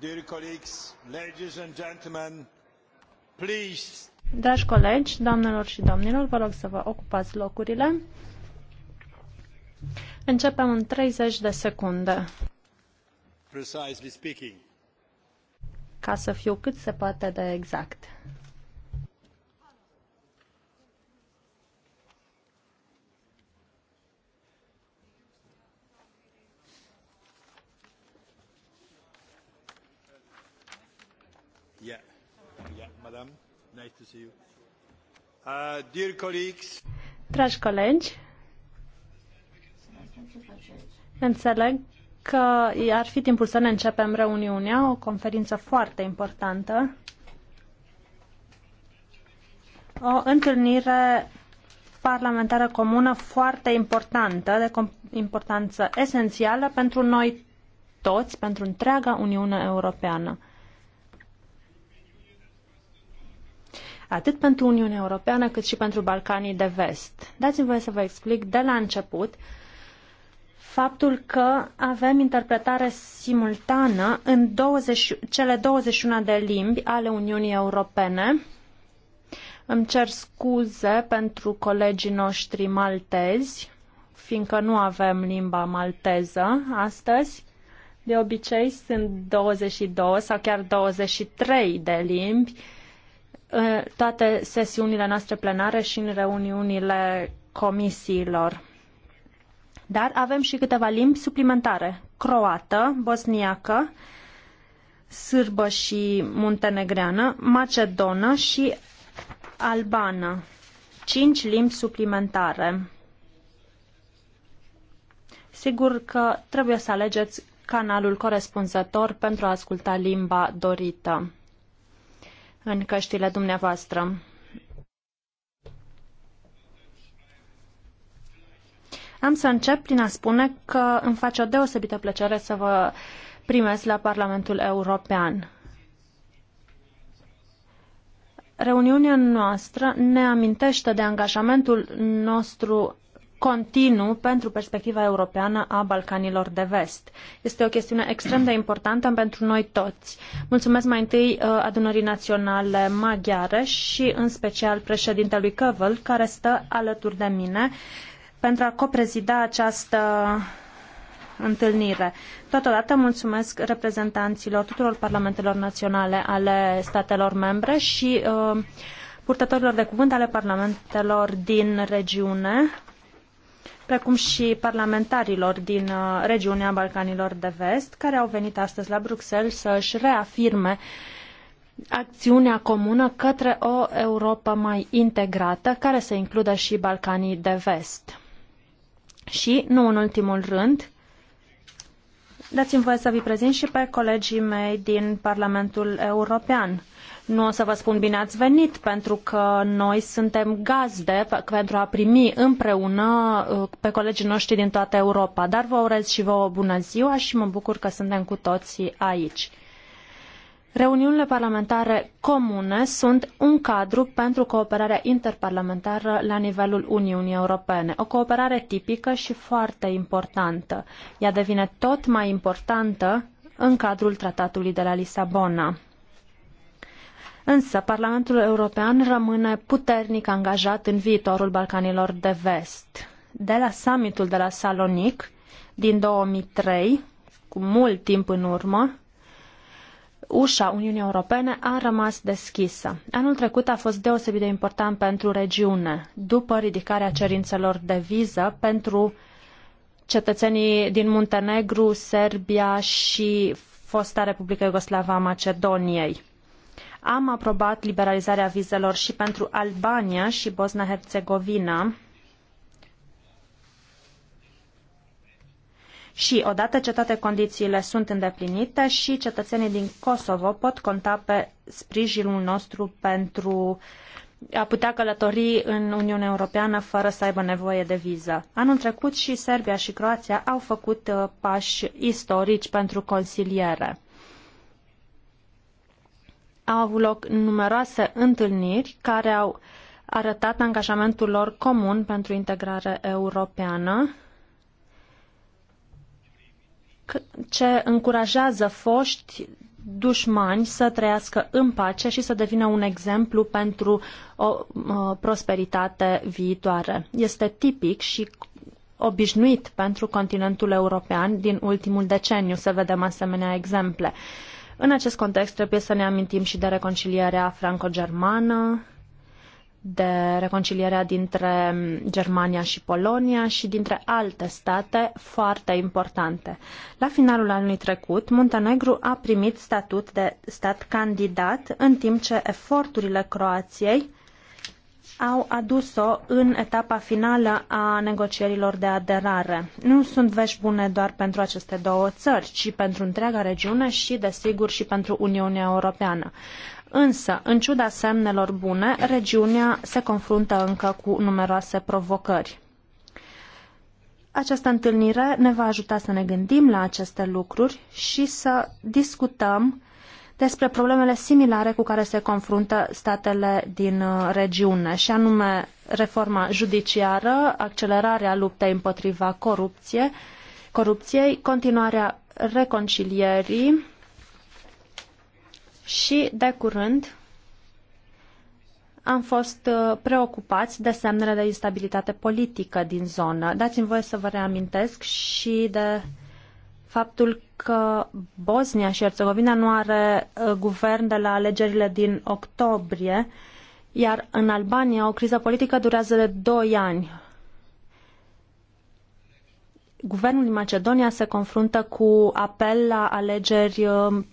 Dear colleagues, ladies and gentlemen, please. Dragi colegi, doamnelor și domnilor, vă rog să vă ocupați locurile. Începem în 30 de secunde. Precisely speaking. Ca să fiu cât se poate de exact. Uh, Dragi colegi, înțeleg că ar fi timpul să ne începem reuniunea, o conferință foarte importantă, o întâlnire parlamentară comună foarte importantă, de importanță esențială pentru noi toți, pentru întreaga Uniune Europeană. atât pentru Uniunea Europeană cât și pentru Balcanii de Vest. Dați-mi voie să vă explic de la început faptul că avem interpretare simultană în 20, cele 21 de limbi ale Uniunii Europene. Îmi cer scuze pentru colegii noștri maltezi, fiindcă nu avem limba malteză astăzi. De obicei sunt 22 sau chiar 23 de limbi toate sesiunile noastre plenare și în reuniunile comisiilor. Dar avem și câteva limbi suplimentare. Croată, bosniacă, sârbă și muntenegreană, macedonă și albană. Cinci limbi suplimentare. Sigur că trebuie să alegeți canalul corespunzător pentru a asculta limba dorită în căștile dumneavoastră. Am să încep prin a spune că îmi face o deosebită plăcere să vă primesc la Parlamentul European. Reuniunea noastră ne amintește de angajamentul nostru continuu pentru perspectiva europeană a Balcanilor de Vest. Este o chestiune extrem de importantă pentru noi toți. Mulțumesc mai întâi uh, adunării naționale maghiare și în special președintelui Căvăl, care stă alături de mine pentru a coprezida această întâlnire. Totodată mulțumesc reprezentanților tuturor parlamentelor naționale ale statelor membre și uh, purtătorilor de cuvânt ale parlamentelor din regiune precum și parlamentarilor din uh, regiunea Balcanilor de Vest, care au venit astăzi la Bruxelles să își reafirme acțiunea comună către o Europa mai integrată, care să includă și Balcanii de Vest. Și, nu în ultimul rând, dați-mi voie să vi prezint și pe colegii mei din Parlamentul European. Nu o să vă spun bine ați venit, pentru că noi suntem gazde pentru a primi împreună uh, pe colegii noștri din toată Europa. Dar vă urez și vouă bună ziua și mă bucur că suntem cu toții aici. Reuniunile parlamentare comune sunt un cadru pentru cooperarea interparlamentară la nivelul Uniunii Europene, o cooperare tipică și foarte importantă. Ea devine tot mai importantă în cadrul Tratatului de la Lisabona. Însă, Parlamentul European rămâne puternic angajat în viitorul Balcanilor de Vest. De la summitul de la Salonic din 2003, cu mult timp în urmă, ușa Uniunii Europene a rămas deschisă. Anul trecut a fost deosebit de important pentru regiune, după ridicarea cerințelor de viză pentru cetățenii din Muntenegru, Serbia și fosta Republică Iugoslava a Macedoniei. Am aprobat liberalizarea vizelor și pentru Albania și bosna herțegovina Și odată ce toate condițiile sunt îndeplinite și cetățenii din Kosovo pot conta pe sprijinul nostru pentru a putea călători în Uniunea Europeană fără să aibă nevoie de viză. Anul trecut și Serbia și Croația au făcut uh, pași istorici pentru consiliere au avut loc numeroase întâlniri care au arătat angajamentul lor comun pentru integrare europeană, ce încurajează foști dușmani să trăiască în pace și să devină un exemplu pentru o prosperitate viitoare. Este tipic și obișnuit pentru continentul european din ultimul deceniu să vedem asemenea exemple. Uh, în acest context trebuie să ne amintim și de reconcilierea franco-germană, de reconcilierea dintre Germania și Polonia și dintre alte state foarte importante. La finalul anului trecut, Muntenegru a primit statut de stat candidat, în timp ce eforturile Croației au adus-o în etapa finală a negocierilor de aderare. Nu sunt vești bune doar pentru aceste două țări, ci pentru întreaga regiune și, desigur, și pentru Uniunea Europeană. Însă, în ciuda semnelor bune, regiunea se confruntă încă cu numeroase provocări. Această întâlnire ne va ajuta să ne gândim la aceste lucruri și să discutăm despre problemele similare cu care se confruntă statele din uh, regiune, și anume reforma judiciară, accelerarea luptei împotriva corupție, corupției, continuarea reconcilierii și, de curând, am fost uh, preocupați de semnele de instabilitate politică din zonă. Dați-mi voie să vă reamintesc și de faptul că Bosnia și Herțegovina nu are uh, guvern de la alegerile din octombrie, iar în Albania o criză politică durează de 2 ani. Guvernul din Macedonia se confruntă cu apel la alegeri uh,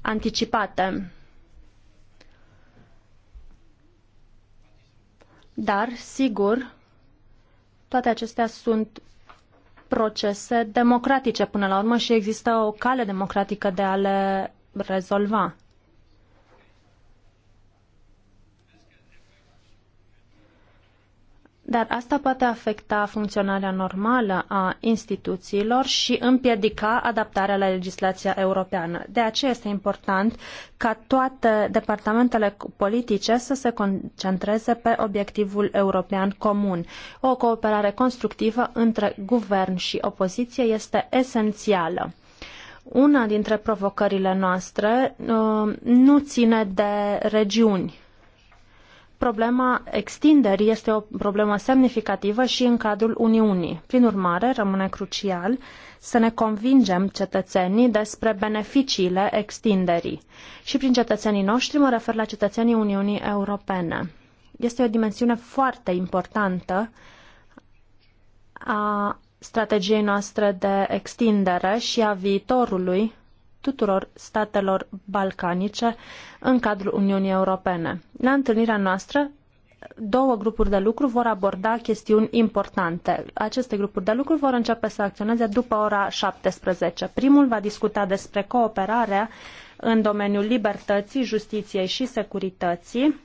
anticipate. Dar, sigur, toate acestea sunt procese democratice până la urmă și există o cale democratică de a le rezolva. dar asta poate afecta funcționarea normală a instituțiilor și împiedica adaptarea la legislația europeană. De aceea este important ca toate departamentele politice să se concentreze pe obiectivul european comun. O cooperare constructivă între guvern și opoziție este esențială una dintre provocările noastre uh, nu ține de regiuni problema extinderii este o problemă semnificativă și în cadrul Uniunii. Prin urmare, rămâne crucial să ne convingem cetățenii despre beneficiile extinderii. Și prin cetățenii noștri mă refer la cetățenii Uniunii Europene. Este o dimensiune foarte importantă a strategiei noastre de extindere și a viitorului tuturor statelor balcanice în cadrul Uniunii Europene. La întâlnirea noastră, două grupuri de lucru vor aborda chestiuni importante. Aceste grupuri de lucru vor începe să acționeze după ora 17. Primul va discuta despre cooperarea în domeniul libertății, justiției și securității,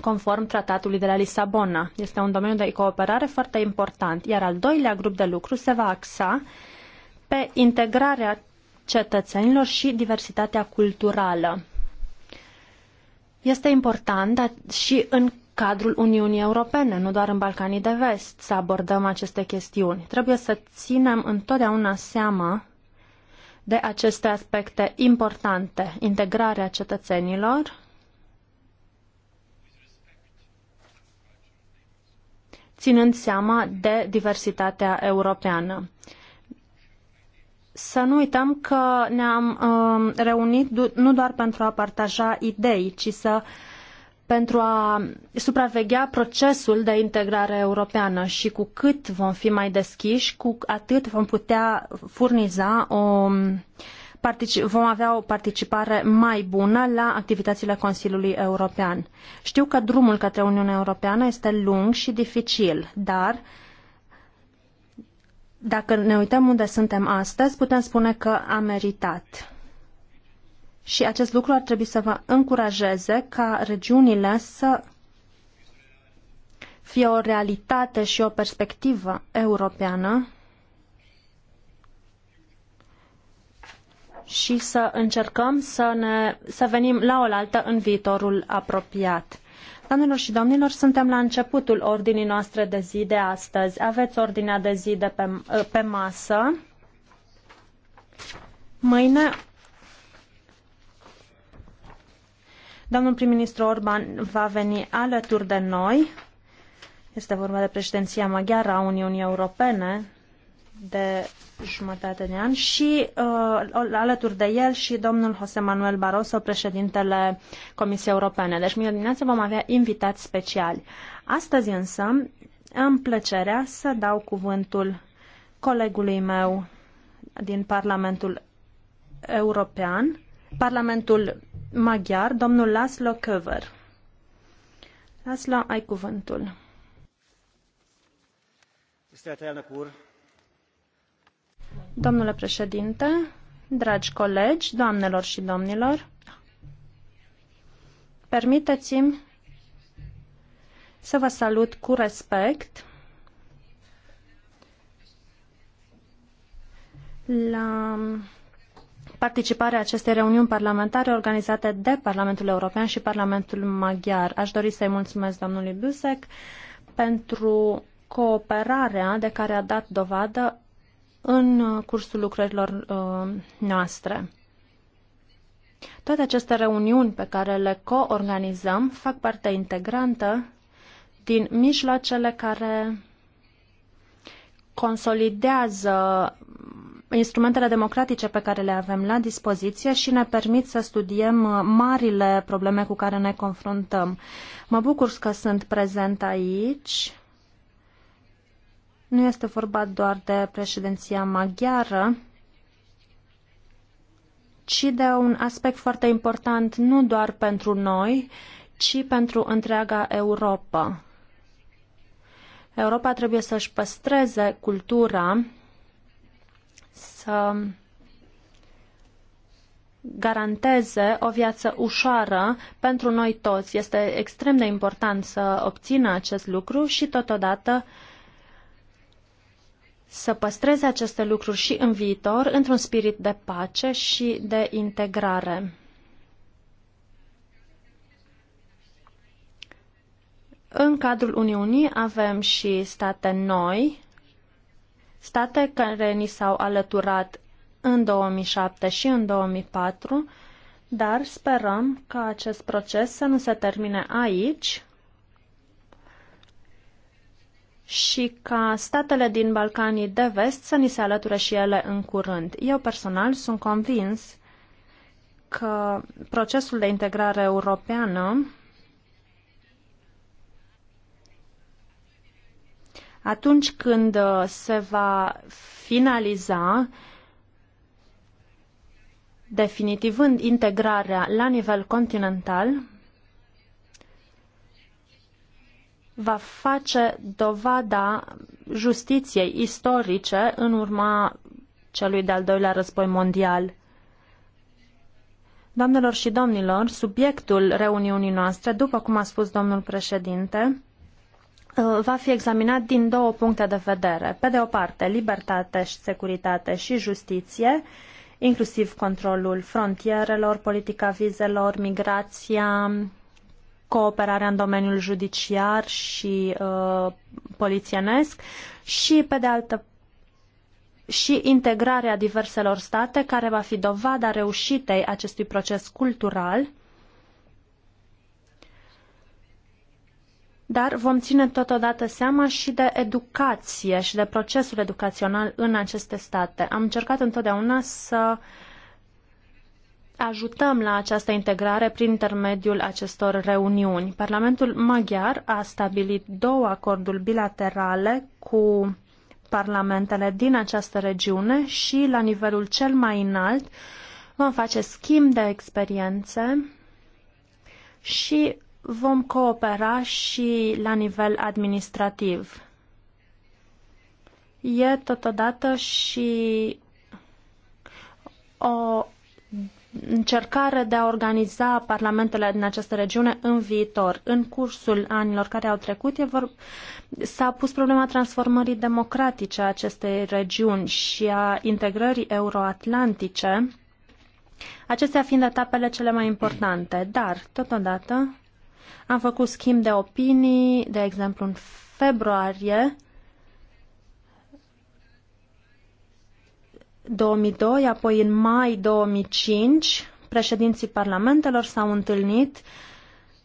conform tratatului de la Lisabona. Este un domeniu de cooperare foarte important, iar al doilea grup de lucru se va axa pe integrarea cetățenilor și diversitatea culturală. Este important dar și în cadrul Uniunii Europene, nu doar în Balcanii de Vest, să abordăm aceste chestiuni. Trebuie să ținem întotdeauna seama de aceste aspecte importante, integrarea cetățenilor ținând seama de diversitatea europeană să nu uităm că ne-am uh, reunit nu doar pentru a partaja idei, ci să pentru a supraveghea procesul de integrare europeană și cu cât vom fi mai deschiși, cu atât vom putea furniza o vom avea o participare mai bună la activitățile Consiliului European. Știu că drumul către Uniunea Europeană este lung și dificil, dar uh, dacă ne uităm unde suntem astăzi, putem spune că a meritat. Și acest lucru ar trebui să vă încurajeze ca regiunile să fie o realitate și o perspectivă europeană și să încercăm să, ne, să venim la oaltă în viitorul apropiat. Doamnelor și domnilor, suntem la începutul ordinii noastre de zi de astăzi. Aveți ordinea de zi de pe, pe masă. Mâine domnul prim-ministru Orban va veni alături de noi. Este vorba de președinția maghiară a Uniunii Europene de jumătate de an și uh, alături de el și domnul José Manuel Barroso, președintele Comisiei Europene. Deci, mâine dimineață vom avea invitați speciali. Astăzi însă am plăcerea să dau cuvântul colegului meu din Parlamentul European, Parlamentul Maghiar, domnul Laszlo Köver. Laszlo, ai cuvântul. Tisztelt elnök úr, Domnule președinte, dragi colegi, doamnelor și domnilor, permiteți-mi să vă salut cu respect la participarea acestei reuniuni parlamentare organizate de Parlamentul European și Parlamentul Maghiar. Aș dori să-i mulțumesc domnului Busek pentru cooperarea de care a dat dovadă în uh, cursul lucrărilor uh, noastre. Toate aceste reuniuni pe care le coorganizăm fac parte integrantă din mijloacele care consolidează instrumentele democratice pe care le avem la dispoziție și ne permit să studiem uh, marile probleme cu care ne confruntăm. Mă bucur că sunt prezent aici nu este vorba doar de președinția maghiară, ci de un aspect foarte important nu doar pentru noi, ci pentru întreaga Europa. Europa trebuie să-și păstreze cultura, să garanteze o viață ușoară pentru noi toți. Este extrem de important să obțină acest lucru și totodată uh, să păstreze aceste lucruri și în viitor într-un spirit de pace și de integrare. În cadrul Uniunii avem și state noi, state care ni s-au alăturat în 2007 și în 2004, dar sperăm ca acest proces să nu se termine aici, și ca statele din Balcanii de vest să ni se alăture și ele în curând. Eu personal sunt convins că procesul de integrare europeană atunci când uh, se va finaliza definitivând integrarea la nivel continental, va face dovada justiției istorice în urma celui de-al doilea război mondial. Doamnelor și domnilor, subiectul reuniunii noastre, după cum a spus domnul președinte, uh, va fi examinat din două puncte de vedere. Pe de o parte, libertate și securitate și justiție, inclusiv controlul frontierelor, politica vizelor, migrația, cooperarea în domeniul judiciar și uh, polițienesc și, pe de altă și integrarea diverselor state, care va fi dovada reușitei acestui proces cultural. Dar vom ține totodată seama și de educație și de procesul educațional în aceste state. Am încercat întotdeauna să uh, ajutăm la această integrare prin intermediul acestor reuniuni. Parlamentul maghiar a stabilit două acorduri bilaterale cu parlamentele din această regiune și la nivelul cel mai înalt vom face schimb de experiențe și vom coopera și la nivel administrativ. E totodată și o încercare de a organiza parlamentele din această regiune în viitor. În cursul anilor care au trecut, vor... s-a pus problema transformării democratice a acestei regiuni și a integrării euroatlantice, acestea fiind etapele cele mai importante. Dar, totodată, am făcut schimb de opinii, de exemplu, în februarie, 2002, apoi în mai 2005, președinții parlamentelor s-au întâlnit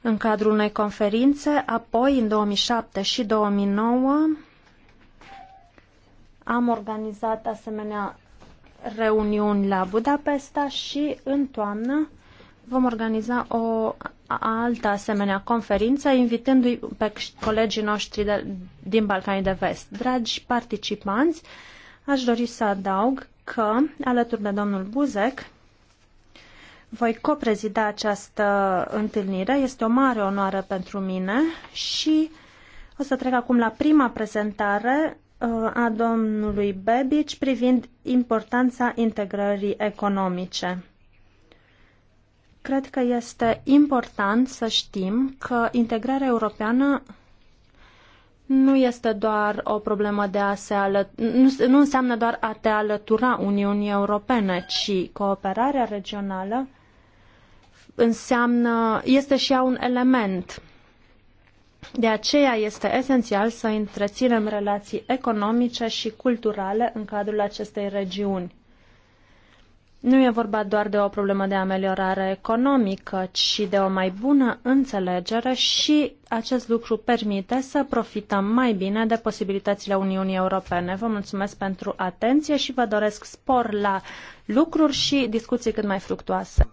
în cadrul unei conferințe, apoi în 2007 și 2009 am organizat asemenea reuniuni la Budapesta și în toamnă vom organiza o altă asemenea conferință, invitându-i pe colegii noștri de, din Balcanii de Vest. Dragi participanți, aș dori să adaug că, alături de domnul Buzek, voi coprezida această întâlnire. Este o mare onoare pentru mine și o să trec acum la prima prezentare uh, a domnului Bebic privind importanța integrării economice. Cred că este important să știm că integrarea europeană nu este doar o problemă de a se alătura, nu, nu înseamnă doar a te alătura Uniunii Europene, ci cooperarea regională înseamnă, este și ea un element. De aceea este esențial să întreținem relații economice și culturale în cadrul acestei regiuni. Nu e vorba doar de o problemă de ameliorare economică, ci de o mai bună înțelegere și acest lucru permite să profităm mai bine de posibilitățile Uniunii Europene. Vă mulțumesc pentru atenție și vă doresc spor la lucruri și discuții cât mai fructuoase.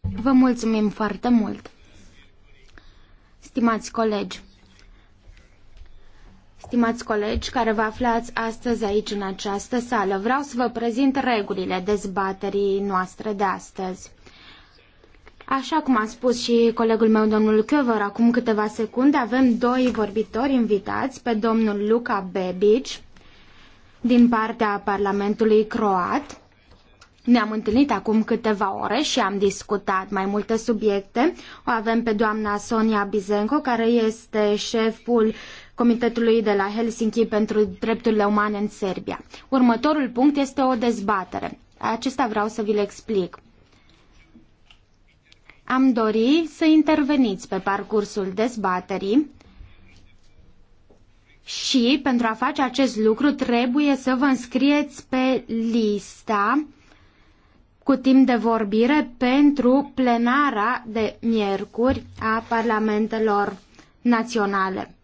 Vă mulțumim foarte mult! Stimați colegi, stimați colegi care vă aflați astăzi aici în această sală, vreau să vă prezint regulile dezbaterii noastre de astăzi. Așa cum a spus și colegul meu, domnul Căvăr, acum câteva secunde avem doi vorbitori invitați pe domnul Luca Bebic din partea Parlamentului Croat. Ne-am întâlnit acum câteva ore și am discutat mai multe subiecte. O avem pe doamna Sonia Bizenco, care este șeful Comitetului de la Helsinki pentru Drepturile Umane în Serbia. Următorul punct este o dezbatere. Acesta vreau să vi-l explic. Am dori să interveniți pe parcursul dezbaterii și pentru a face acest lucru trebuie să vă înscrieți pe lista cu timp de vorbire pentru plenara de miercuri a parlamentelor naționale.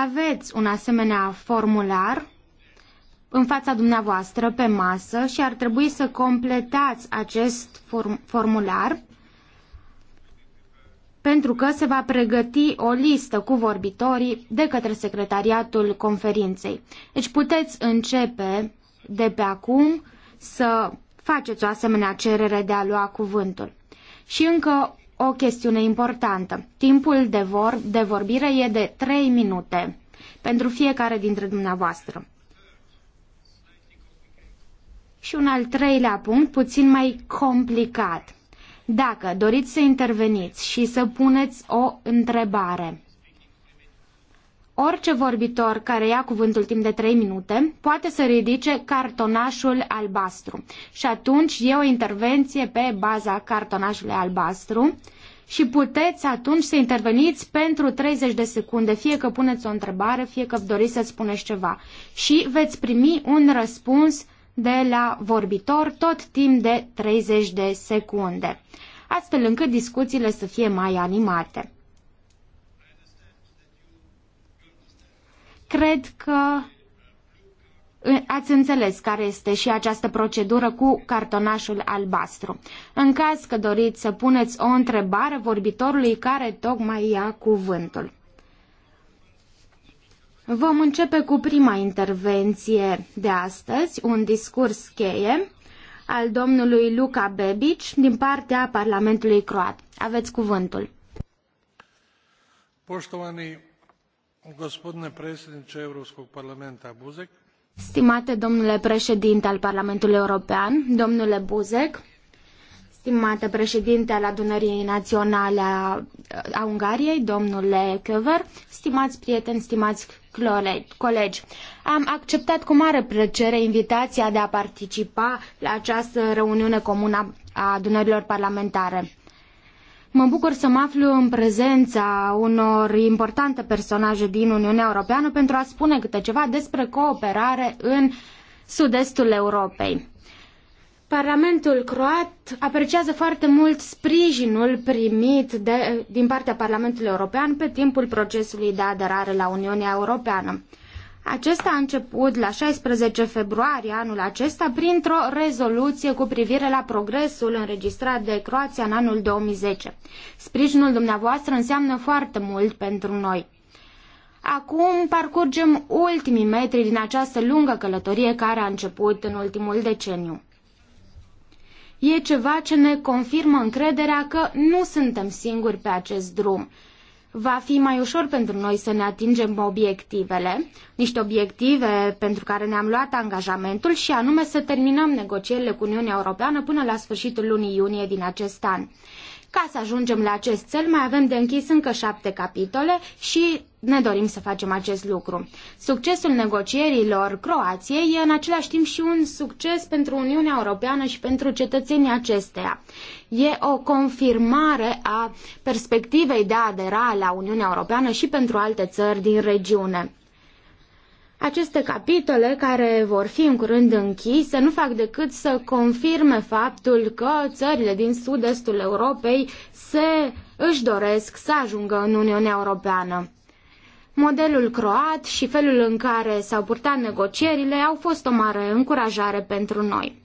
Aveți un asemenea formular în fața dumneavoastră pe masă și ar trebui să completați acest form formular pentru că se va pregăti o listă cu vorbitorii de către secretariatul conferinței. Deci puteți începe de pe acum să faceți o asemenea cerere de a lua cuvântul. Și încă o chestiune importantă. Timpul de, vor, de vorbire e de 3 minute pentru fiecare dintre dumneavoastră. Și un al treilea punct, puțin mai complicat. Dacă doriți să interveniți și să puneți o întrebare, Orice vorbitor care ia cuvântul timp de 3 minute poate să ridice cartonașul albastru și atunci e o intervenție pe baza cartonașului albastru și puteți atunci să interveniți pentru 30 de secunde, fie că puneți o întrebare, fie că doriți să spuneți ceva și veți primi un răspuns de la vorbitor tot timp de 30 de secunde, astfel încât discuțiile să fie mai animate. Cred că ați înțeles care este și această procedură cu cartonașul albastru. În caz că doriți să puneți o întrebare vorbitorului care tocmai ia cuvântul. Vom începe cu prima intervenție de astăzi, un discurs cheie al domnului Luca Bebic din partea Parlamentului Croat. Aveți cuvântul. Poștovanii Stimate domnule președinte al Parlamentului European, domnule Buzek, stimate președinte al Adunării Naționale a, a Ungariei, domnule Kever, stimați prieteni, stimați colegi, am acceptat cu mare plăcere invitația de a participa la această reuniune comună a adunărilor parlamentare. Mă bucur să mă aflu în prezența unor importante personaje din Uniunea Europeană pentru a spune câte ceva despre cooperare în sud-estul Europei. Parlamentul croat apreciază foarte mult sprijinul primit de, din partea Parlamentului European pe timpul procesului de aderare la Uniunea Europeană. Acesta a început la 16 februarie anul acesta printr-o rezoluție cu privire la progresul înregistrat de Croația în anul 2010. Sprijinul dumneavoastră înseamnă foarte mult pentru noi. Acum parcurgem ultimii metri din această lungă călătorie care a început în ultimul deceniu. E ceva ce ne confirmă încrederea că nu suntem singuri pe acest drum va fi mai ușor pentru noi să ne atingem obiectivele, niște obiective pentru care ne-am luat angajamentul și anume să terminăm negocierile cu Uniunea Europeană până la sfârșitul lunii iunie din acest an. Ca să ajungem la acest cel, mai avem de închis încă șapte capitole și ne dorim să facem acest lucru. Succesul negocierilor Croației e în același timp și un succes pentru Uniunea Europeană și pentru cetățenii acesteia. E o confirmare a perspectivei de a adera la Uniunea Europeană și pentru alte țări din regiune. Aceste capitole, care vor fi în curând închise, nu fac decât să confirme faptul că țările din sud-estul Europei se își doresc să ajungă în Uniunea Europeană. Modelul croat și felul în care s-au purtat negocierile au fost o mare încurajare pentru noi.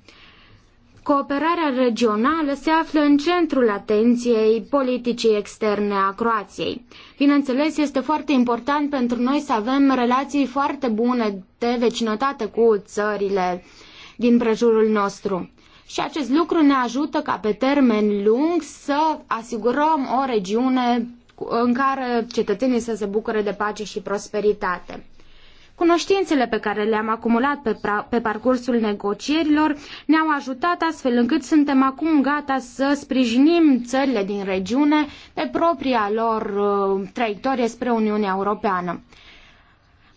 Cooperarea regională se află în centrul atenției politicii externe a Croației. Bineînțeles, este foarte important pentru noi să avem relații foarte bune de vecinătate cu țările din prejurul nostru. Și acest lucru ne ajută ca pe termen lung să asigurăm o regiune în care cetățenii să se bucure de pace și prosperitate. Cunoștințele pe care le-am acumulat pe, pe parcursul negocierilor ne-au ajutat astfel încât suntem acum gata să sprijinim țările din regiune pe propria lor uh, traiectorie spre Uniunea Europeană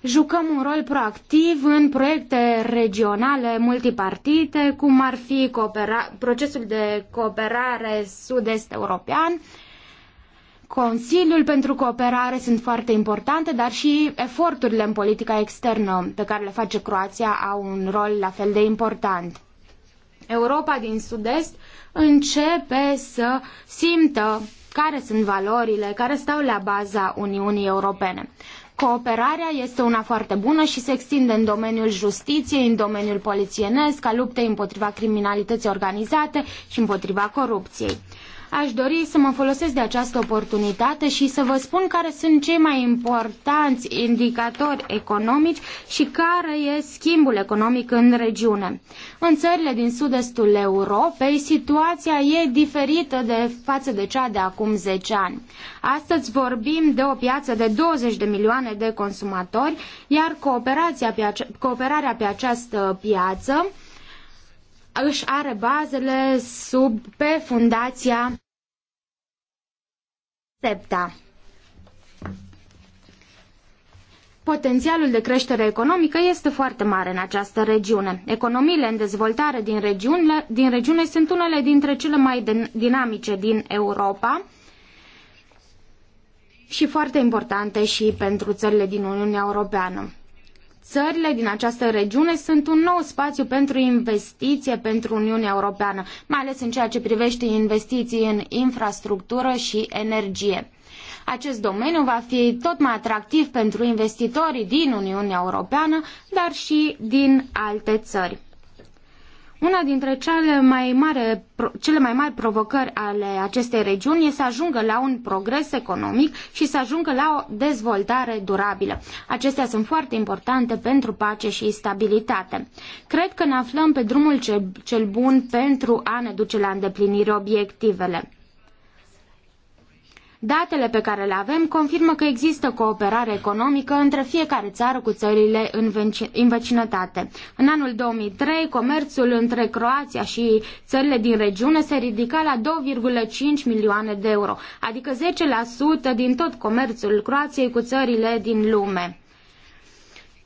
jucăm un rol proactiv în proiecte regionale multipartite, cum ar fi procesul de cooperare sud-est european Consiliul pentru Cooperare sunt foarte importante, dar și eforturile în politica externă pe care le face Croația au un rol la fel de important. Europa din Sud-Est începe să simtă care sunt valorile care stau la baza Uniunii Europene. Cooperarea este una foarte bună și se extinde în domeniul justiției, în domeniul polițienesc, a luptei împotriva criminalității organizate și împotriva corupției. Aș dori să mă folosesc de această oportunitate și să vă spun care sunt cei mai importanți indicatori economici și care e schimbul economic în regiune. În țările din sud-estul Europei, situația e diferită de față de cea de acum 10 ani. Astăzi vorbim de o piață de 20 de milioane de consumatori, iar cooperarea pe această piață își are bazele sub, pe fundația SEPTA. Potențialul de creștere economică este foarte mare în această regiune. Economiile în dezvoltare din regiune, din regiune sunt unele dintre cele mai dinamice din Europa și foarte importante și pentru țările din Uniunea Europeană. Țările din această regiune sunt un nou spațiu pentru investiție pentru Uniunea Europeană, mai ales în ceea ce privește investiții în infrastructură și energie. Acest domeniu va fi tot mai atractiv pentru investitorii din Uniunea Europeană, dar și din alte țări. Una dintre cele mai, mare, cele mai mari provocări ale acestei regiuni este să ajungă la un progres economic și să ajungă la o dezvoltare durabilă. Acestea sunt foarte importante pentru pace și stabilitate. Cred că ne aflăm pe drumul cel bun pentru a ne duce la îndeplinire obiectivele. Datele pe care le avem confirmă că există cooperare economică între fiecare țară cu țările în, în vecinătate. În anul 2003, comerțul între Croația și țările din regiune se ridica la 2,5 milioane de euro, adică 10% din tot comerțul Croației cu țările din lume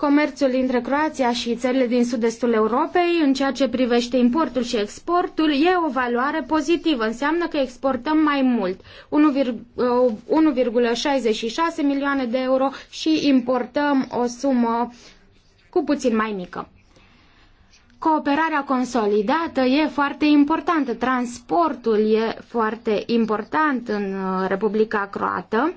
comerțul dintre Croația și țările din sud-estul Europei, în ceea ce privește importul și exportul, e o valoare pozitivă. Înseamnă că exportăm mai mult, 1,66 uh, milioane de euro și importăm o sumă cu puțin mai mică. Cooperarea consolidată e foarte importantă, transportul e foarte important în uh, Republica Croată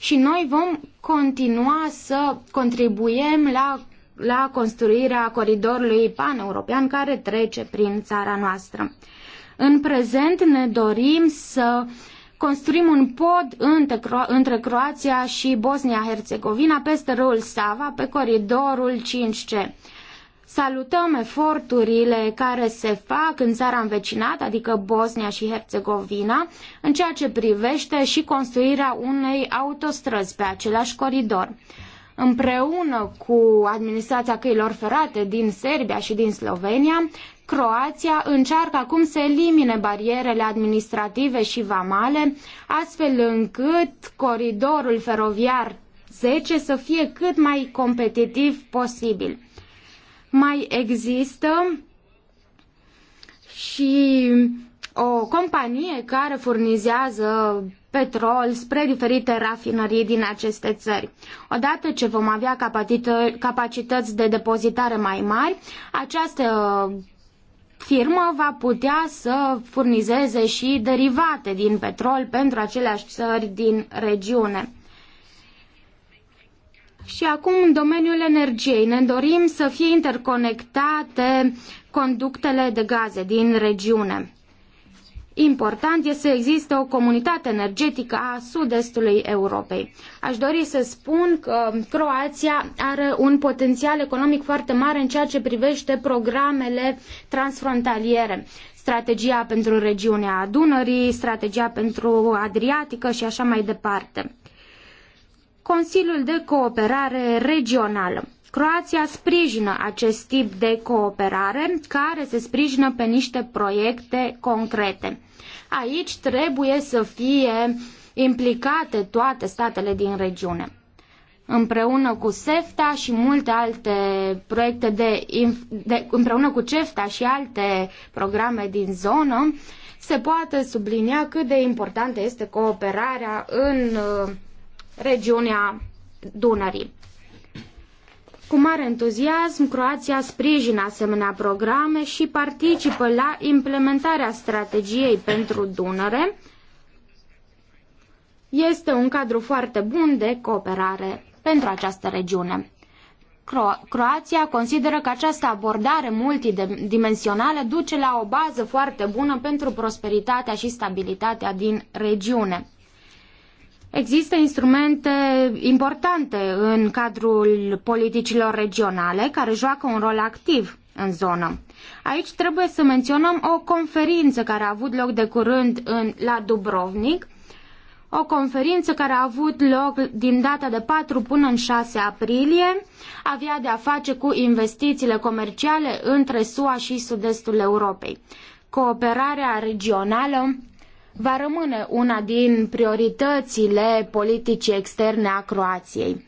și noi vom continua să contribuiem la, la construirea coridorului pan-european care trece prin țara noastră. În prezent ne dorim să construim un pod între, Cro- între Croația și Bosnia-Herzegovina peste râul Sava pe coridorul 5C. Salutăm eforturile care se fac în țara învecinată, adică Bosnia și Herțegovina, în ceea ce privește și construirea unei autostrăzi pe același coridor. Împreună cu administrația căilor ferate din Serbia și din Slovenia, Croația încearcă acum să elimine barierele administrative și vamale, astfel încât coridorul feroviar 10 să fie cât mai competitiv posibil. Mai există și o companie care furnizează petrol spre diferite rafinării din aceste țări. Odată ce vom avea capacități de depozitare mai mari, această firmă va putea să furnizeze și derivate din petrol pentru aceleași țări din regiune. Și acum în domeniul energiei ne dorim să fie interconectate conductele de gaze din regiune. Important este să existe o comunitate energetică a sud-estului Europei. Aș dori să spun că Croația are un potențial economic foarte mare în ceea ce privește programele transfrontaliere strategia pentru regiunea Dunării, strategia pentru Adriatică și așa mai departe. Consiliul de Cooperare Regională. Croația sprijină acest tip de cooperare care se sprijină pe niște proiecte concrete. Aici trebuie să fie implicate toate statele din regiune. Împreună cu SEFTA și multe alte proiecte de, de împreună cu CEFTA și alte programe din zonă, se poate sublinia cât de importantă este cooperarea în uh, regiunea Dunării. Cu mare entuziasm, Croația sprijină asemenea programe și participă la implementarea strategiei pentru Dunăre. Este un cadru foarte bun de cooperare pentru această regiune. Cro- Croația consideră că această abordare multidimensională duce la o bază foarte bună pentru prosperitatea și stabilitatea din regiune. Există instrumente importante în cadrul politicilor regionale care joacă un rol activ în zonă. Aici trebuie să menționăm o conferință care a avut loc de curând în, la Dubrovnik, o conferință care a avut loc din data de 4 până în 6 aprilie, avea de a face cu investițiile comerciale între SUA și sud-estul Europei. Cooperarea regională va rămâne una din prioritățile politicii externe a Croației.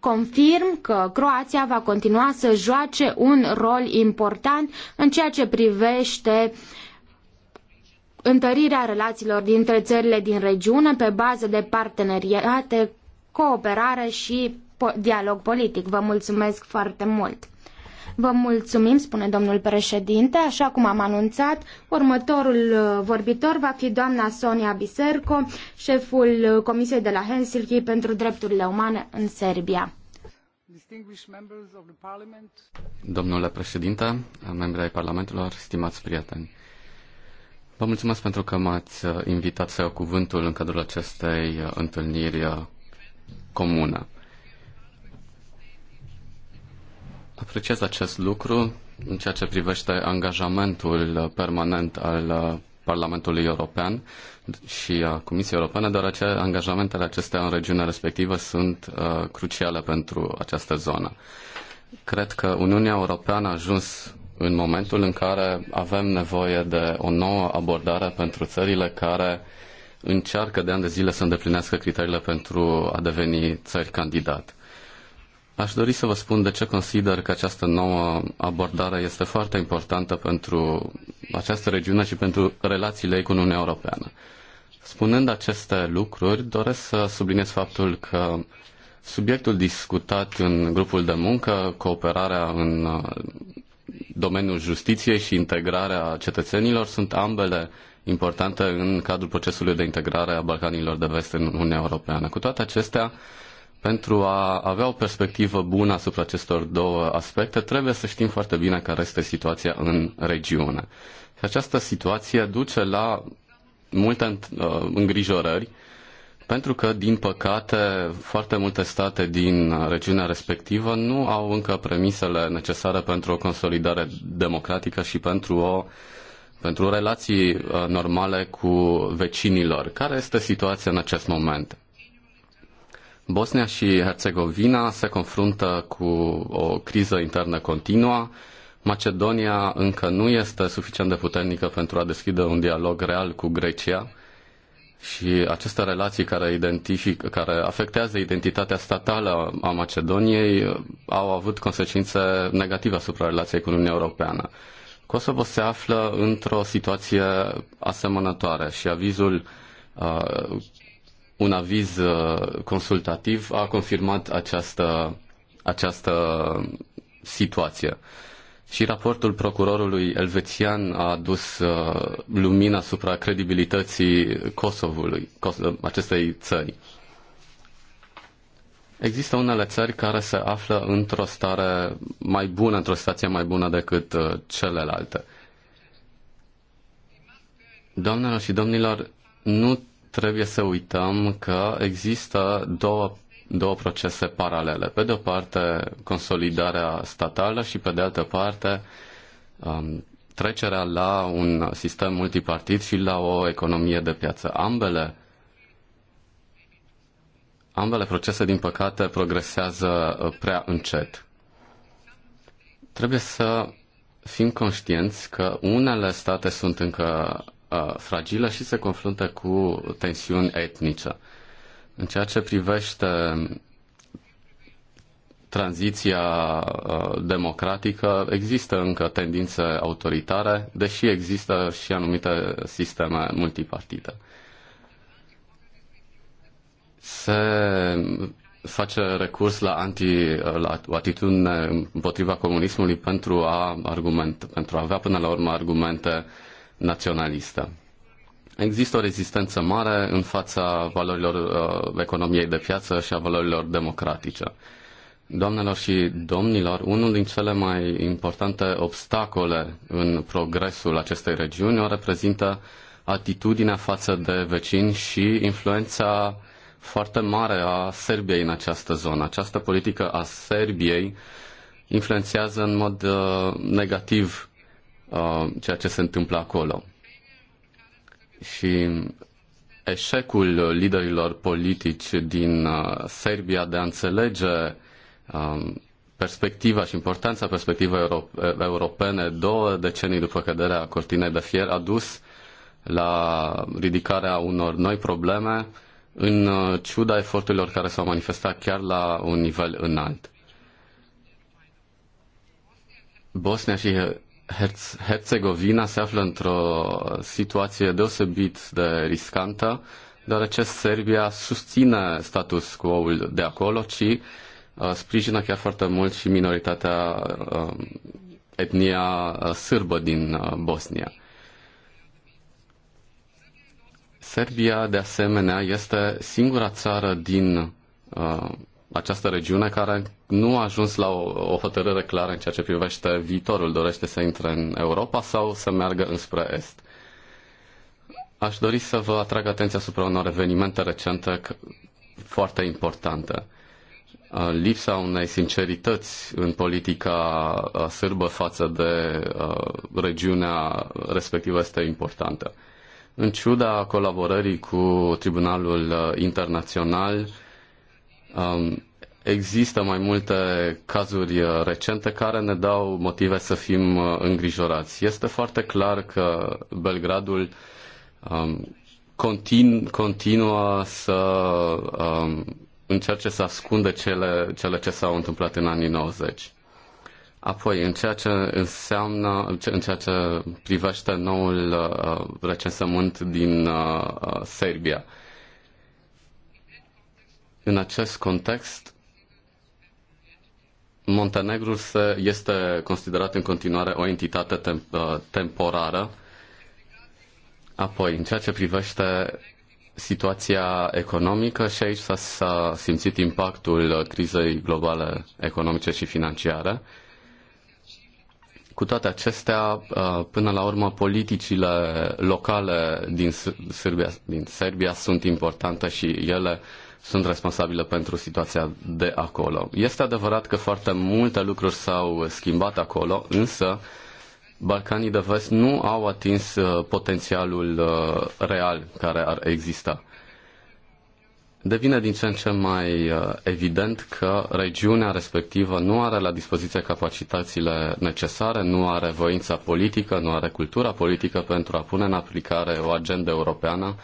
Confirm că Croația va continua să joace un rol important în ceea ce privește întărirea relațiilor dintre țările din regiune pe bază de parteneriate, cooperare și dialog politic. Vă mulțumesc foarte mult! Vă mulțumim, spune domnul președinte. Așa cum am anunțat, următorul uh, vorbitor va fi doamna Sonia Biserco, șeful uh, Comisiei de la Helsinki pentru Drepturile Umane în Serbia. Domnule președinte, membri ai Parlamentelor, stimați prieteni, vă mulțumesc pentru că m-ați uh, invitat să iau cuvântul în cadrul acestei întâlniri comune. Apreciez acest lucru în ceea ce privește angajamentul permanent al Parlamentului European și a Comisiei Europene, deoarece angajamentele acestea în regiunea respectivă sunt uh, cruciale pentru această zonă. Cred că Uniunea Europeană a ajuns în momentul în care avem nevoie de o nouă abordare pentru țările care încearcă de ani de zile să îndeplinească criteriile pentru a deveni țări candidat. Aș dori să vă spun de ce consider că această nouă abordare este foarte importantă pentru această regiune și pentru relațiile ei cu Uniunea Europeană. Spunând aceste lucruri, doresc să subliniez faptul că subiectul discutat în grupul de muncă, cooperarea în uh, domeniul justiției și integrarea cetățenilor sunt ambele importante în cadrul procesului de integrare a Balcanilor de Vest în Uniunea Europeană. Cu toate acestea, pentru a avea o perspectivă bună asupra acestor două aspecte, trebuie să știm foarte bine care este situația în regiune. Și această situație duce la multe uh, îngrijorări, pentru că, din păcate, foarte multe state din regiunea respectivă nu au încă premisele necesare pentru o consolidare democratică și pentru o pentru relații uh, normale cu vecinilor. Care este situația în acest moment? Bosnia și Herțegovina se confruntă cu o criză internă continuă. Macedonia încă nu este suficient de puternică pentru a deschide un dialog real cu Grecia și aceste relații care, identific, care afectează identitatea statală a Macedoniei uh, au avut consecințe negative asupra relației cu Uniunea Europeană. Kosovo se află într-o situație asemănătoare și avizul uh, un aviz uh, consultativ a confirmat această, această situație. Și raportul procurorului elvețian a adus uh, lumina asupra credibilității Kosovului, uh, acestei țări. Există unele țări care se află într-o stare mai bună, într-o stație mai bună decât celelalte. Doamnelor și domnilor, nu trebuie să uităm că există două, două procese paralele. Pe de o parte, consolidarea statală și pe de altă parte, um, trecerea la un sistem multipartit și la o economie de piață. Ambele ambele procese, din păcate, progresează uh, prea încet. Trebuie să fim conștienți că unele state sunt încă Uh, fragilă și se confruntă cu tensiuni etnice. În ceea ce privește tranziția uh, democratică, există încă tendințe autoritare, deși există și anumite sisteme multipartite. Se face recurs la, anti, la o atitudine împotriva comunismului pentru a, argument, pentru a avea până la urmă argumente uh, naționalistă. Există o rezistență mare în fața valorilor uh, economiei de piață și a valorilor democratice. Doamnelor și domnilor, unul din cele mai importante obstacole în progresul acestei regiuni o reprezintă atitudinea față de vecini și influența foarte mare a Serbiei în această zonă. Această politică a Serbiei influențează în mod uh, negativ Uh, ceea ce se întâmplă acolo. Și eșecul liderilor politici din uh, Serbia de a înțelege um, perspectiva și importanța perspectivei europene două decenii după căderea cortinei de fier a dus la ridicarea unor noi probleme în uh, ciuda eforturilor care s-au manifestat chiar la un nivel înalt. Bosnia și Herzegovina se află într-o situație deosebit de riscantă, deoarece Serbia susține status quo-ul de acolo, ci uh, sprijină chiar foarte mult și minoritatea uh, etnia uh, sârbă din uh, Bosnia. Serbia, de asemenea, este singura țară din uh, această regiune care nu a ajuns la o, o hotărâre clară în ceea ce privește viitorul, dorește să intre în Europa sau să meargă înspre Est. Aș dori să vă atrag atenția asupra unor evenimente recente foarte importante. Lipsa unei sincerități în politica sârbă față de regiunea respectivă este importantă. În ciuda colaborării cu Tribunalul Internațional, Um, există mai multe cazuri uh, recente care ne dau motive să fim uh, îngrijorați. Este foarte clar că Belgradul um, continu, continuă să um, încerce să ascundă cele, cele ce s-au întâmplat în anii 90. Apoi, în ceea ce înseamnă, în ceea ce privește noul uh, recensământ din uh, Serbia, uh, în acest context, Montenegru se, este considerat în continuare o entitate tem, uh, temporară. Apoi, în ceea ce privește situația economică și aici s-a, simțit impactul crizei globale economice și financiare. Cu toate acestea, uh, până la urmă, politicile locale din Serbia, din Serbia sunt importante și ele uh, sunt responsabile pentru situația de acolo. Este adevărat că foarte multe lucruri s-au schimbat acolo, însă Balcanii de Vest nu au atins uh, potențialul uh, real care ar exista. Devine din ce în ce mai uh, evident că regiunea respectivă nu are la dispoziție capacitățile necesare, nu are voința politică, nu are cultura politică pentru a pune în aplicare o agendă europeană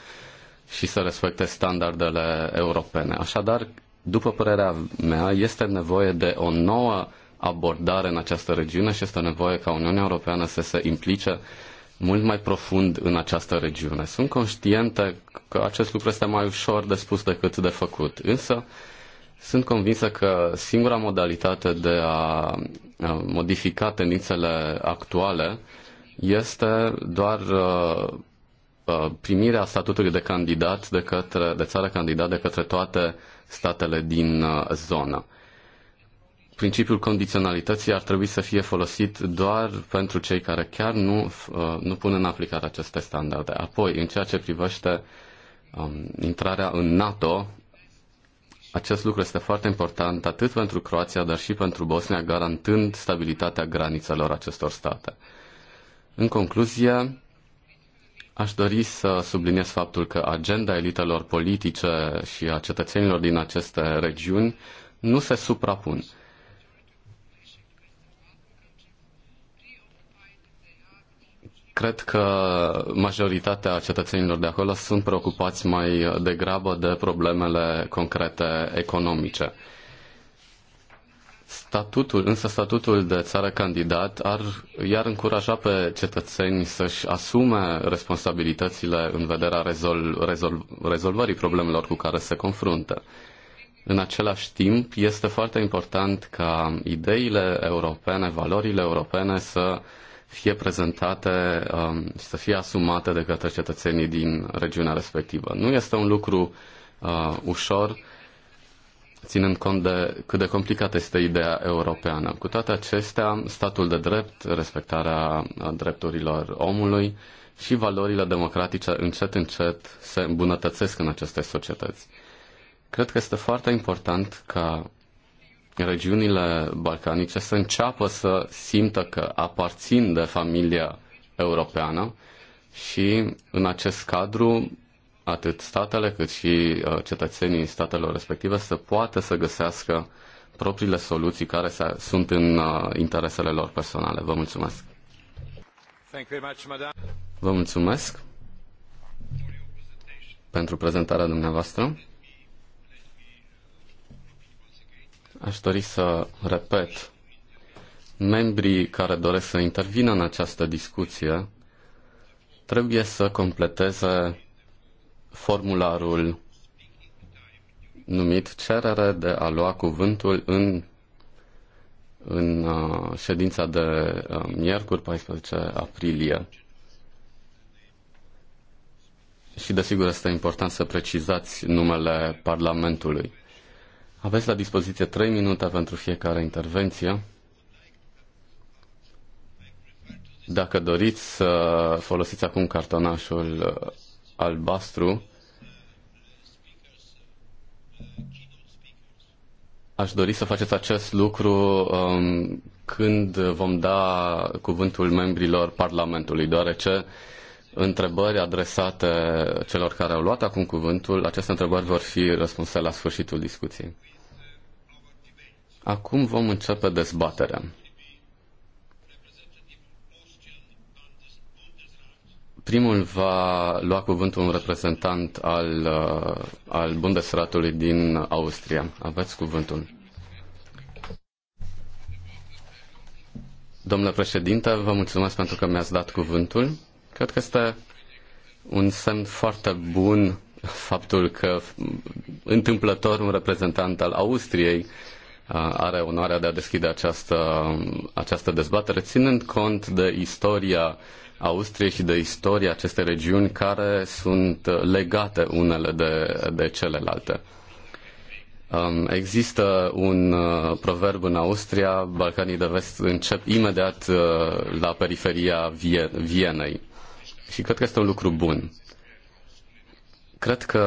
și să respecte standardele europene. Așadar, după părerea mea, este nevoie de o nouă abordare în această regiune și este nevoie ca Uniunea Europeană să se implice mult mai profund în această regiune. Sunt conștientă că acest lucru este mai ușor de spus decât de făcut, însă sunt convinsă că singura modalitate de a modifica tendințele actuale este doar uh, Uh, primirea statutului de candidat de, către, de țară candidat de către toate statele din uh, zonă. Principiul condiționalității ar trebui să fie folosit doar pentru cei care chiar nu, uh, nu pun în aplicare aceste standarde. Apoi, în ceea ce privește um, intrarea în NATO, acest lucru este foarte important atât pentru Croația, dar și pentru Bosnia, garantând stabilitatea granițelor acestor state. În concluzie, Aș dori să subliniez faptul că agenda elitelor politice și a cetățenilor din aceste regiuni nu se suprapun. Cred că majoritatea cetățenilor de acolo sunt preocupați mai degrabă de problemele concrete economice. Statutul, însă statutul de țară candidat ar, iar încuraja pe cetățeni să-și asume responsabilitățile în vederea rezol, rezol, rezolvării problemelor cu care se confruntă. În același timp, este foarte important ca ideile europene, valorile europene să fie prezentate și um, să fie asumate de către cetățenii din regiunea respectivă. Nu este un lucru uh, ușor, ținând cont de cât de complicată este ideea europeană. Cu toate acestea, statul de drept, respectarea drepturilor omului și valorile democratice încet încet se îmbunătățesc în aceste societăți. Cred că este foarte important ca regiunile balcanice să înceapă să simtă că aparțin de familia europeană și în acest cadru atât statele cât și uh, cetățenii statelor respective să poată să găsească propriile soluții care sunt în uh, interesele lor personale. Vă mulțumesc. Vă mulțumesc pentru prezentarea dumneavoastră. Aș dori să repet, membrii care doresc să intervină în această discuție trebuie să completeze formularul numit cerere de a lua cuvântul în, în uh, ședința de uh, miercuri 14 aprilie. Și desigur este important să precizați numele Parlamentului. Aveți la dispoziție 3 minute pentru fiecare intervenție. Dacă doriți să folosiți acum cartonașul uh, albastru. Aș dori să faceți acest lucru um, când vom da cuvântul membrilor Parlamentului, deoarece întrebări adresate celor care au luat acum cuvântul, aceste întrebări vor fi răspunse la sfârșitul discuției. Acum vom începe dezbaterea. Primul va lua cuvântul un reprezentant al, uh, al Bundesratului din Austria. Aveți cuvântul. Domnule președinte, vă mulțumesc pentru că mi-ați dat cuvântul. Cred că este un semn foarte bun faptul că întâmplător un reprezentant al Austriei uh, are onoarea de a deschide această, această dezbatere, ținând cont de istoria uh, Austriei și de istoria acestei regiuni care sunt legate unele de, de celelalte. Um, există un uh, proverb în Austria, Balcanii de Vest încep imediat uh, la periferia Vie- Vienei. Și cred că este un lucru bun. Cred că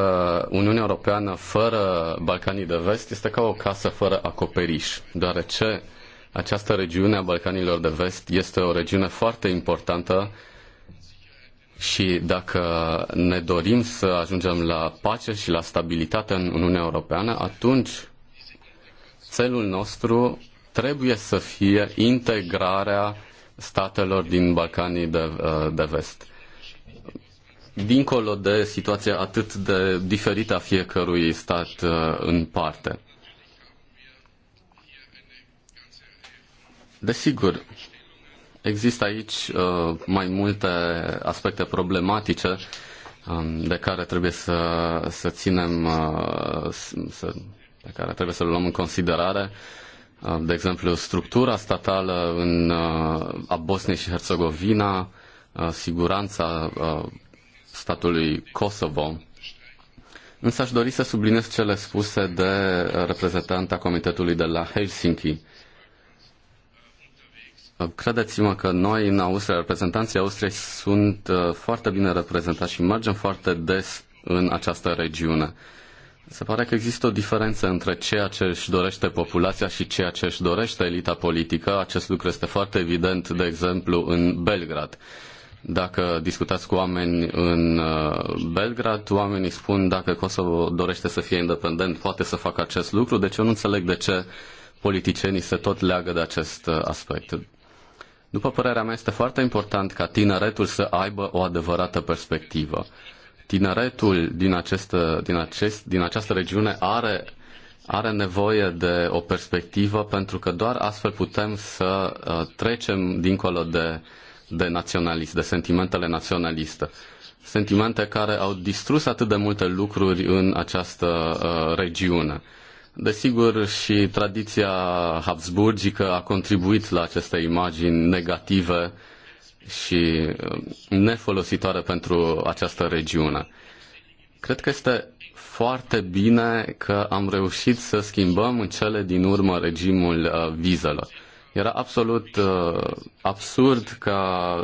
Uniunea Europeană fără Balcanii de Vest este ca o casă fără acoperiș, deoarece uh, această regiune a Balcanilor de Vest este o regiune foarte importantă și dacă ne dorim să ajungem la pace și la stabilitate în Uniunea Europeană, atunci țelul nostru trebuie să fie integrarea statelor din Balcanii de, uh, de vest. Dincolo de situația atât de diferită a fiecărui stat uh, în parte. Desigur, există aici uh, mai multe aspecte problematice um, de care trebuie să, să ținem, uh, să, de care trebuie să le luăm în considerare. Uh, de exemplu, structura statală în, uh, a Bosniei și Herțegovina, uh, siguranța uh, statului Kosovo. Însă aș dori să subliniez cele spuse de uh, reprezentanta Comitetului de la Helsinki Credeți-mă că noi în Austria, reprezentanții Austriei sunt uh, foarte bine reprezentați și mergem foarte des în această regiune. Se pare că există o diferență între ceea ce își dorește populația și ceea ce își dorește elita politică. Acest lucru este foarte evident, de exemplu, în Belgrad. Dacă discutați cu oameni în uh, Belgrad, oamenii spun dacă Kosovo dorește să fie independent, poate să facă acest lucru, deci eu nu înțeleg de ce politicienii se tot leagă de acest uh, aspect. După părerea mea, este foarte important ca tineretul să aibă o adevărată perspectivă. Tineretul din, acest, din, acest, din această regiune are, are nevoie de o perspectivă pentru că doar astfel putem să uh, trecem dincolo de, de naționalist, de sentimentele naționaliste sentimente care au distrus atât de multe lucruri în această uh, regiune. Desigur, și tradiția habsburgică a contribuit la aceste imagini negative și uh, nefolositoare pentru această regiune. Cred că este foarte bine că am reușit să schimbăm în cele din urmă regimul uh, vizelor. Era absolut uh, absurd ca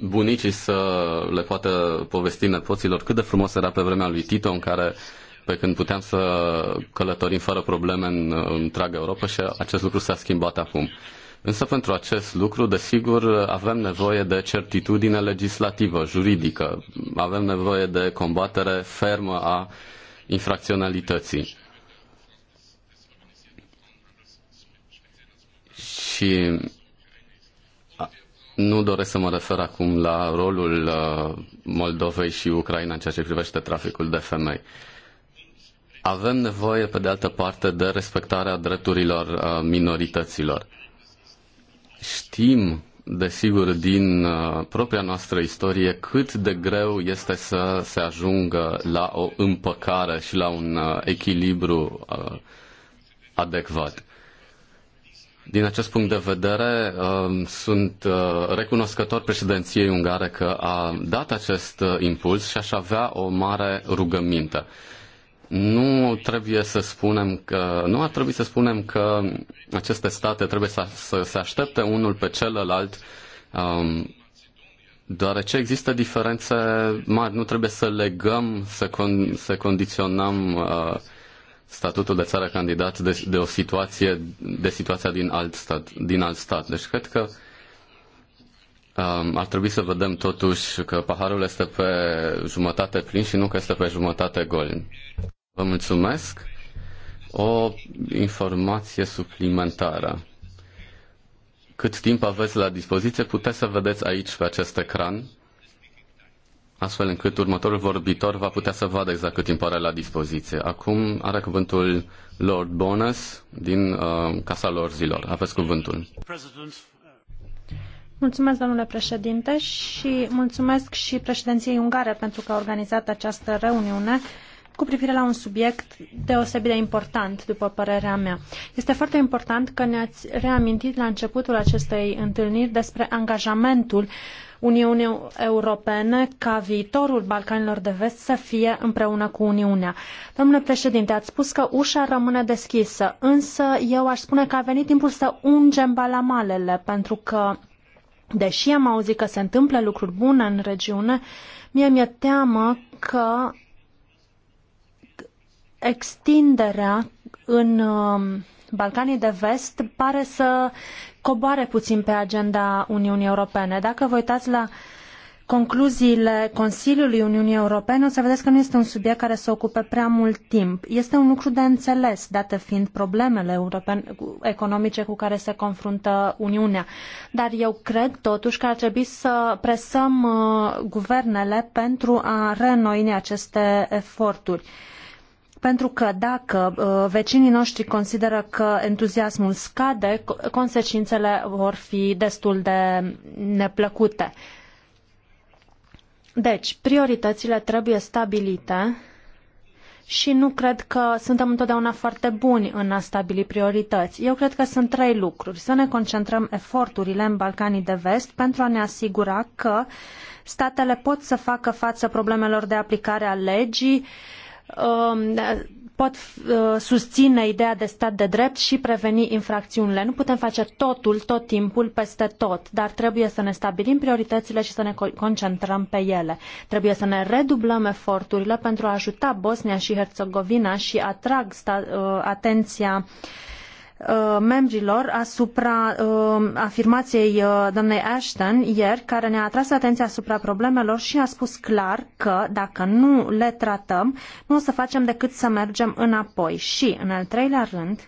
bunicii să le poată povesti nepoților cât de frumos era pe vremea lui Tito în care pe când puteam să călătorim fără probleme în întreaga Europa și acest lucru s-a schimbat acum. Însă pentru acest lucru, desigur, avem nevoie de certitudine legislativă, juridică, avem nevoie de combatere fermă a infracționalității. Și nu doresc să mă refer acum la rolul uh, Moldovei și Ucraina în ceea ce privește traficul de femei avem nevoie, pe de altă parte, de respectarea drepturilor uh, minorităților. Știm, desigur, din uh, propria noastră istorie cât de greu este să se ajungă la o împăcare și la un uh, echilibru adecvat. Din acest punct de vedere, um, sunt recunoscător președinției ungare că a dat acest impuls și aș avea o mare rugăminte nu trebuie să spunem că nu ar trebui să spunem că aceste state trebuie să, să se aștepte unul pe celălalt um, deoarece există diferențe mari, nu trebuie să legăm, să, con- să condiționăm uh, statutul de țară candidat de, de o situație, de situația din alt stat. Din alt stat. Deci cred că um, ar trebui să vedem totuși că paharul este pe jumătate plin și nu că este pe jumătate gol. Vă mulțumesc. O informație suplimentară. Cât timp aveți la dispoziție, puteți să vedeți aici pe acest ecran, astfel încât următorul vorbitor va putea să vadă exact cât timp are la dispoziție. Acum are cuvântul Lord Bonus din uh, Casa lor zilor. Aveți cuvântul. Mulțumesc, domnule președinte, și mulțumesc și președinției ungare pentru că a organizat această reuniune cu privire la un subiect deosebit de important, după părerea mea. Este foarte important că ne-ați reamintit la începutul acestei întâlniri despre angajamentul Uniunii Europene ca viitorul Balcanilor de Vest să fie împreună cu Uniunea. Domnule președinte, ați spus că ușa rămâne deschisă, însă eu aș spune că a venit timpul să ungem balamalele, pentru că, deși am auzit că se întâmplă lucruri bune în regiune, mie mi-e teamă că extinderea în um, Balcanii de Vest pare să coboare puțin pe agenda Uniunii Europene. Dacă vă uitați la concluziile Consiliului Uniunii Europene, o să vedeți că nu este un subiect care să ocupe prea mult timp. Este un lucru de înțeles, date fiind problemele europene, economice cu care se confruntă Uniunea. Dar eu cred totuși că ar trebui să presăm uh, guvernele pentru a reînnoi aceste eforturi. Uh, pentru că dacă uh, vecinii noștri consideră că entuziasmul scade, consecințele vor fi destul de neplăcute. Deci, prioritățile trebuie stabilite și nu cred că suntem întotdeauna foarte buni în a stabili priorități. Eu cred că sunt trei lucruri. Să ne concentrăm eforturile în Balcanii de Vest pentru a ne asigura că statele pot să facă față problemelor de aplicare a legii, uh, Um, da, pot uh, susține ideea de stat de drept și preveni infracțiunile. Nu putem face totul, tot timpul, peste tot, dar trebuie să ne stabilim prioritățile și să ne concentrăm pe ele. Trebuie să ne redublăm eforturile pentru a ajuta Bosnia și Herțegovina și atrag sta, uh, atenția uh, Uh, membrilor asupra uh, afirmației uh, doamnei Ashton ieri, care ne-a atras atenția asupra problemelor și a spus clar că dacă nu le tratăm, nu o să facem decât să mergem înapoi. Și, în al treilea rând,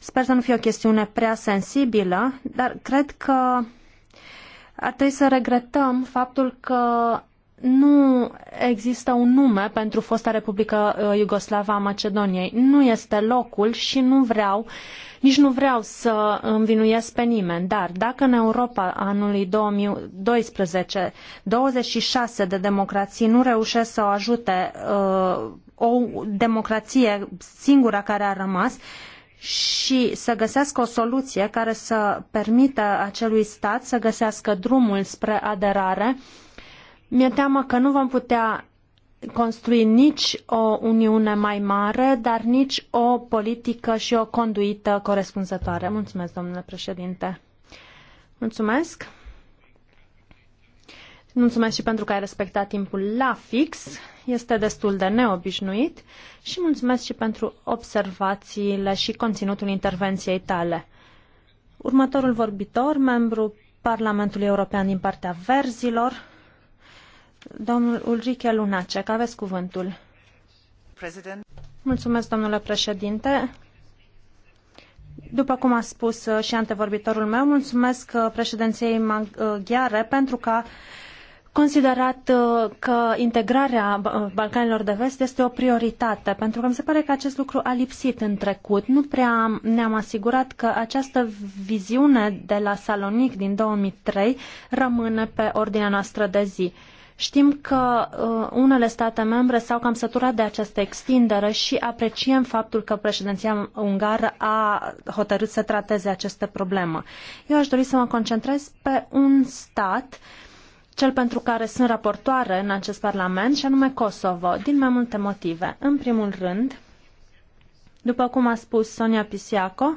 sper să nu fie o chestiune prea sensibilă, dar cred că ar trebui să regretăm faptul că nu există un nume pentru fosta Republică uh, Iugoslava a Macedoniei. Nu este locul și nu vreau, nici nu vreau să învinuiesc pe nimeni, dar dacă în Europa anului 2012 26 de democrații nu reușesc să o ajute uh, o democrație singura care a rămas, și să găsească o soluție care să permită acelui stat să găsească drumul spre aderare uh, mi-e teamă că nu vom putea construi nici o uniune mai mare, dar nici o politică și o conduită corespunzătoare. Mulțumesc, domnule președinte. Mulțumesc. Mulțumesc și pentru că ai respectat timpul la fix. Este destul de neobișnuit și mulțumesc și pentru observațiile și conținutul intervenției tale. Următorul vorbitor, membru Parlamentului European din partea Verzilor, Domnul Ulrike Lunacek, aveți cuvântul. President. Mulțumesc, domnule președinte. După cum a spus uh, și antevorbitorul meu, mulțumesc uh, președinției maghiare pentru că considerat uh, că integrarea Balcanilor de Vest este o prioritate, pentru că mi se pare că acest lucru a lipsit în trecut. Nu prea ne-am asigurat că această viziune de la Salonic din 2003 rămâne pe ordinea noastră de zi. Știm că uh, unele state membre s-au cam săturat de această extindere și apreciem faptul că președinția ungară a hotărât să trateze această problemă. Eu aș dori să mă concentrez pe un stat cel pentru care sunt raportoare în acest Parlament, și anume Kosovo, din mai multe motive. În primul rând, după cum a spus Sonia Pisiaco,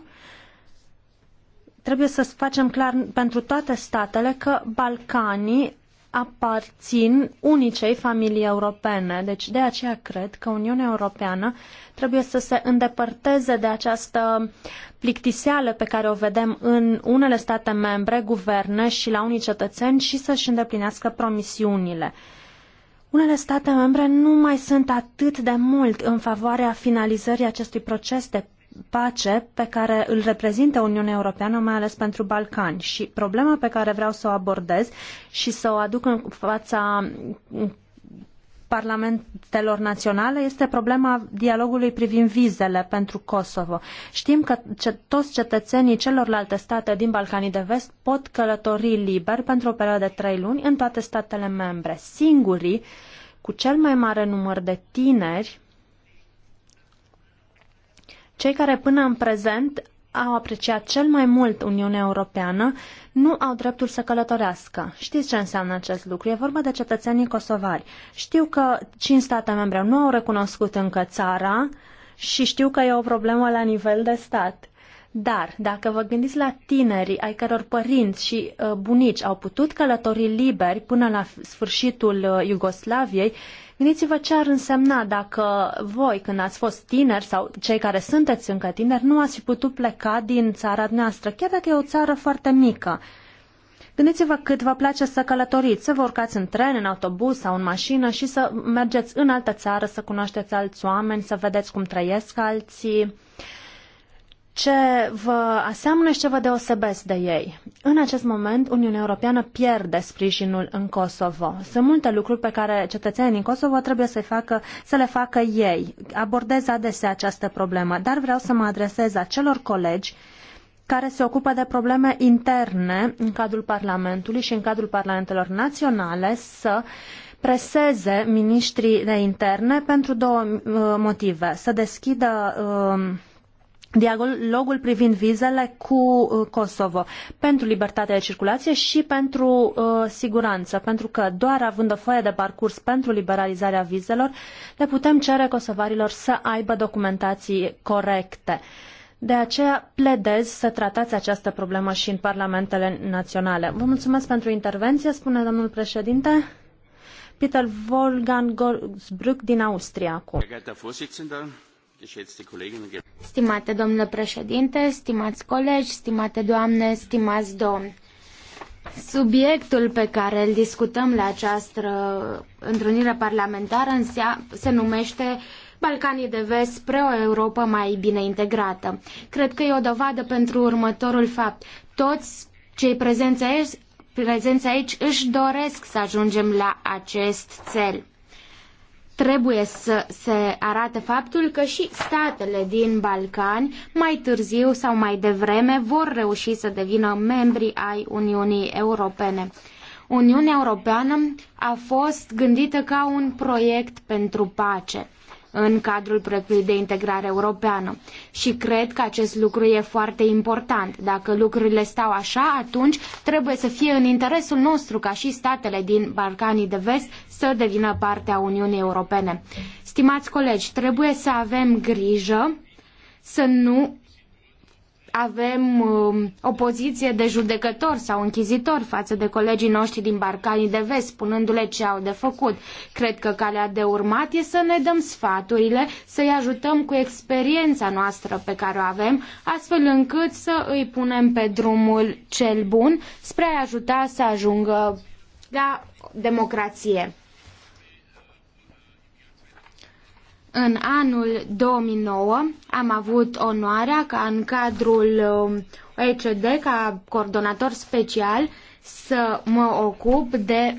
trebuie să facem clar pentru toate statele că Balcanii aparțin unicei familii europene. Deci de aceea cred că Uniunea Europeană trebuie să se îndepărteze de această plictiseală pe care o vedem în unele state membre, guverne și la unii cetățeni și să-și îndeplinească promisiunile. Unele state membre nu mai sunt atât de mult în favoarea finalizării acestui proces de pace pe care îl reprezintă Uniunea Europeană, mai ales pentru Balcani. Și problema pe care vreau să o abordez și să o aduc în fața parlamentelor naționale este problema dialogului privind vizele pentru Kosovo. Știm că ce, toți cetățenii celorlalte state din Balcanii de Vest pot călători liber pentru o perioadă de trei luni în toate statele membre. Singurii, cu cel mai mare număr de tineri, cei care până în prezent au apreciat cel mai mult Uniunea Europeană nu au dreptul să călătorească. Știți ce înseamnă acest lucru? E vorba de cetățenii kosovari. Știu că cinci state membre nu au recunoscut încă țara și știu că e o problemă la nivel de stat. Dar dacă vă gândiți la tinerii ai căror părinți și uh, bunici au putut călători liberi până la sfârșitul uh, Iugoslaviei, Gândiți-vă ce ar însemna dacă voi, când ați fost tineri sau cei care sunteți încă tineri, nu ați fi putut pleca din țara noastră, chiar dacă e o țară foarte mică. Gândiți-vă cât vă place să călătoriți, să vă urcați în tren, în autobuz sau în mașină și să mergeți în altă țară, să cunoașteți alți oameni, să vedeți cum trăiesc alții ce vă aseamnă și ce vă deosebesc de ei. În acest moment, Uniunea Europeană pierde sprijinul în Kosovo. Sunt multe lucruri pe care cetățenii din Kosovo trebuie să, facă, să le facă ei. Abordez adesea această problemă, dar vreau să mă adresez acelor colegi care se ocupă de probleme interne în cadrul Parlamentului și în cadrul Parlamentelor naționale să preseze ministrii de interne pentru două uh, motive. Să deschidă uh, dialogul privind vizele cu uh, Kosovo pentru libertatea de circulație și pentru uh, siguranță, pentru că doar având o foaie de parcurs pentru liberalizarea vizelor, le putem cere kosovarilor să aibă documentații corecte. De aceea pledez să tratați această problemă și în parlamentele naționale. Vă mulțumesc pentru intervenție, spune domnul președinte. Peter Wolfgang Goldsbrück din Austria acum. Stimate domnule președinte, stimați colegi, stimate doamne, stimați domni, subiectul pe care îl discutăm la această întrunire parlamentară se numește Balcanii de Vest spre o Europa mai bine integrată. Cred că e o dovadă pentru următorul fapt. Toți cei prezenți aici, prezenți aici își doresc să ajungem la acest cel trebuie să se arate faptul că și statele din Balcani mai târziu sau mai devreme vor reuși să devină membri ai Uniunii Europene. Uniunea Europeană a fost gândită ca un proiect pentru pace în cadrul proiectului de integrare europeană. Și cred că acest lucru e foarte important. Dacă lucrurile stau așa, atunci trebuie să fie în interesul nostru ca și statele din Balcanii de Vest să devină parte a Uniunii Europene. Stimați colegi, trebuie să avem grijă să nu avem um, o poziție de judecător sau închizitor față de colegii noștri din Barcanii de Vest, spunându-le ce au de făcut. Cred că calea de urmat e să ne dăm sfaturile, să-i ajutăm cu experiența noastră pe care o avem, astfel încât să îi punem pe drumul cel bun spre a-i ajuta să ajungă la democrație. În anul 2009 am avut onoarea ca în cadrul um, OECD, ca coordonator special, să mă ocup de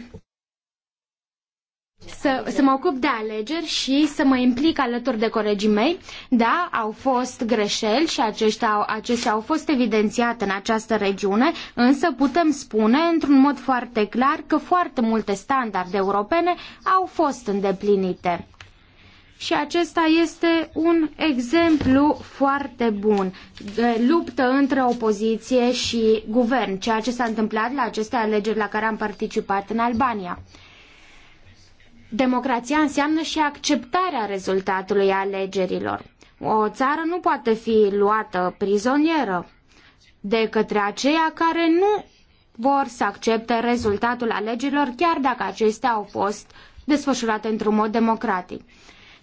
să, să mă ocup de alegeri și să mă implic alături de colegii mei. Da, au fost greșeli și aceștia, au, acestea au fost evidențiate în această regiune, însă putem spune într-un mod foarte clar că foarte multe standarde europene au fost îndeplinite și acesta este un exemplu foarte bun. Luptă între opoziție și guvern, ceea ce s-a întâmplat la aceste alegeri la care am participat în Albania. Democrația înseamnă și acceptarea rezultatului alegerilor. O țară nu poate fi luată prizonieră de către aceia care nu vor să accepte rezultatul alegerilor, chiar dacă acestea au fost desfășurate într-un mod democratic.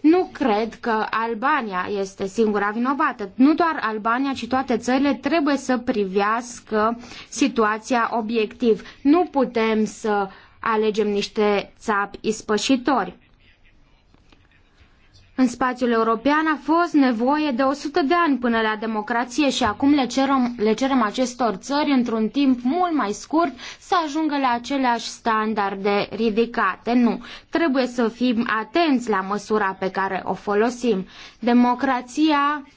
Nu cred că Albania este singura vinovată. Nu doar Albania, ci toate țările trebuie să privească situația obiectiv. Nu putem să alegem niște țapi ispășitori. În spațiul european a fost nevoie de 100 de ani până la democrație și acum le cerem, le cerem acestor țări într-un timp mult mai scurt să ajungă la aceleași standarde ridicate. Nu, trebuie să fim atenți la măsura pe care o folosim. Democrația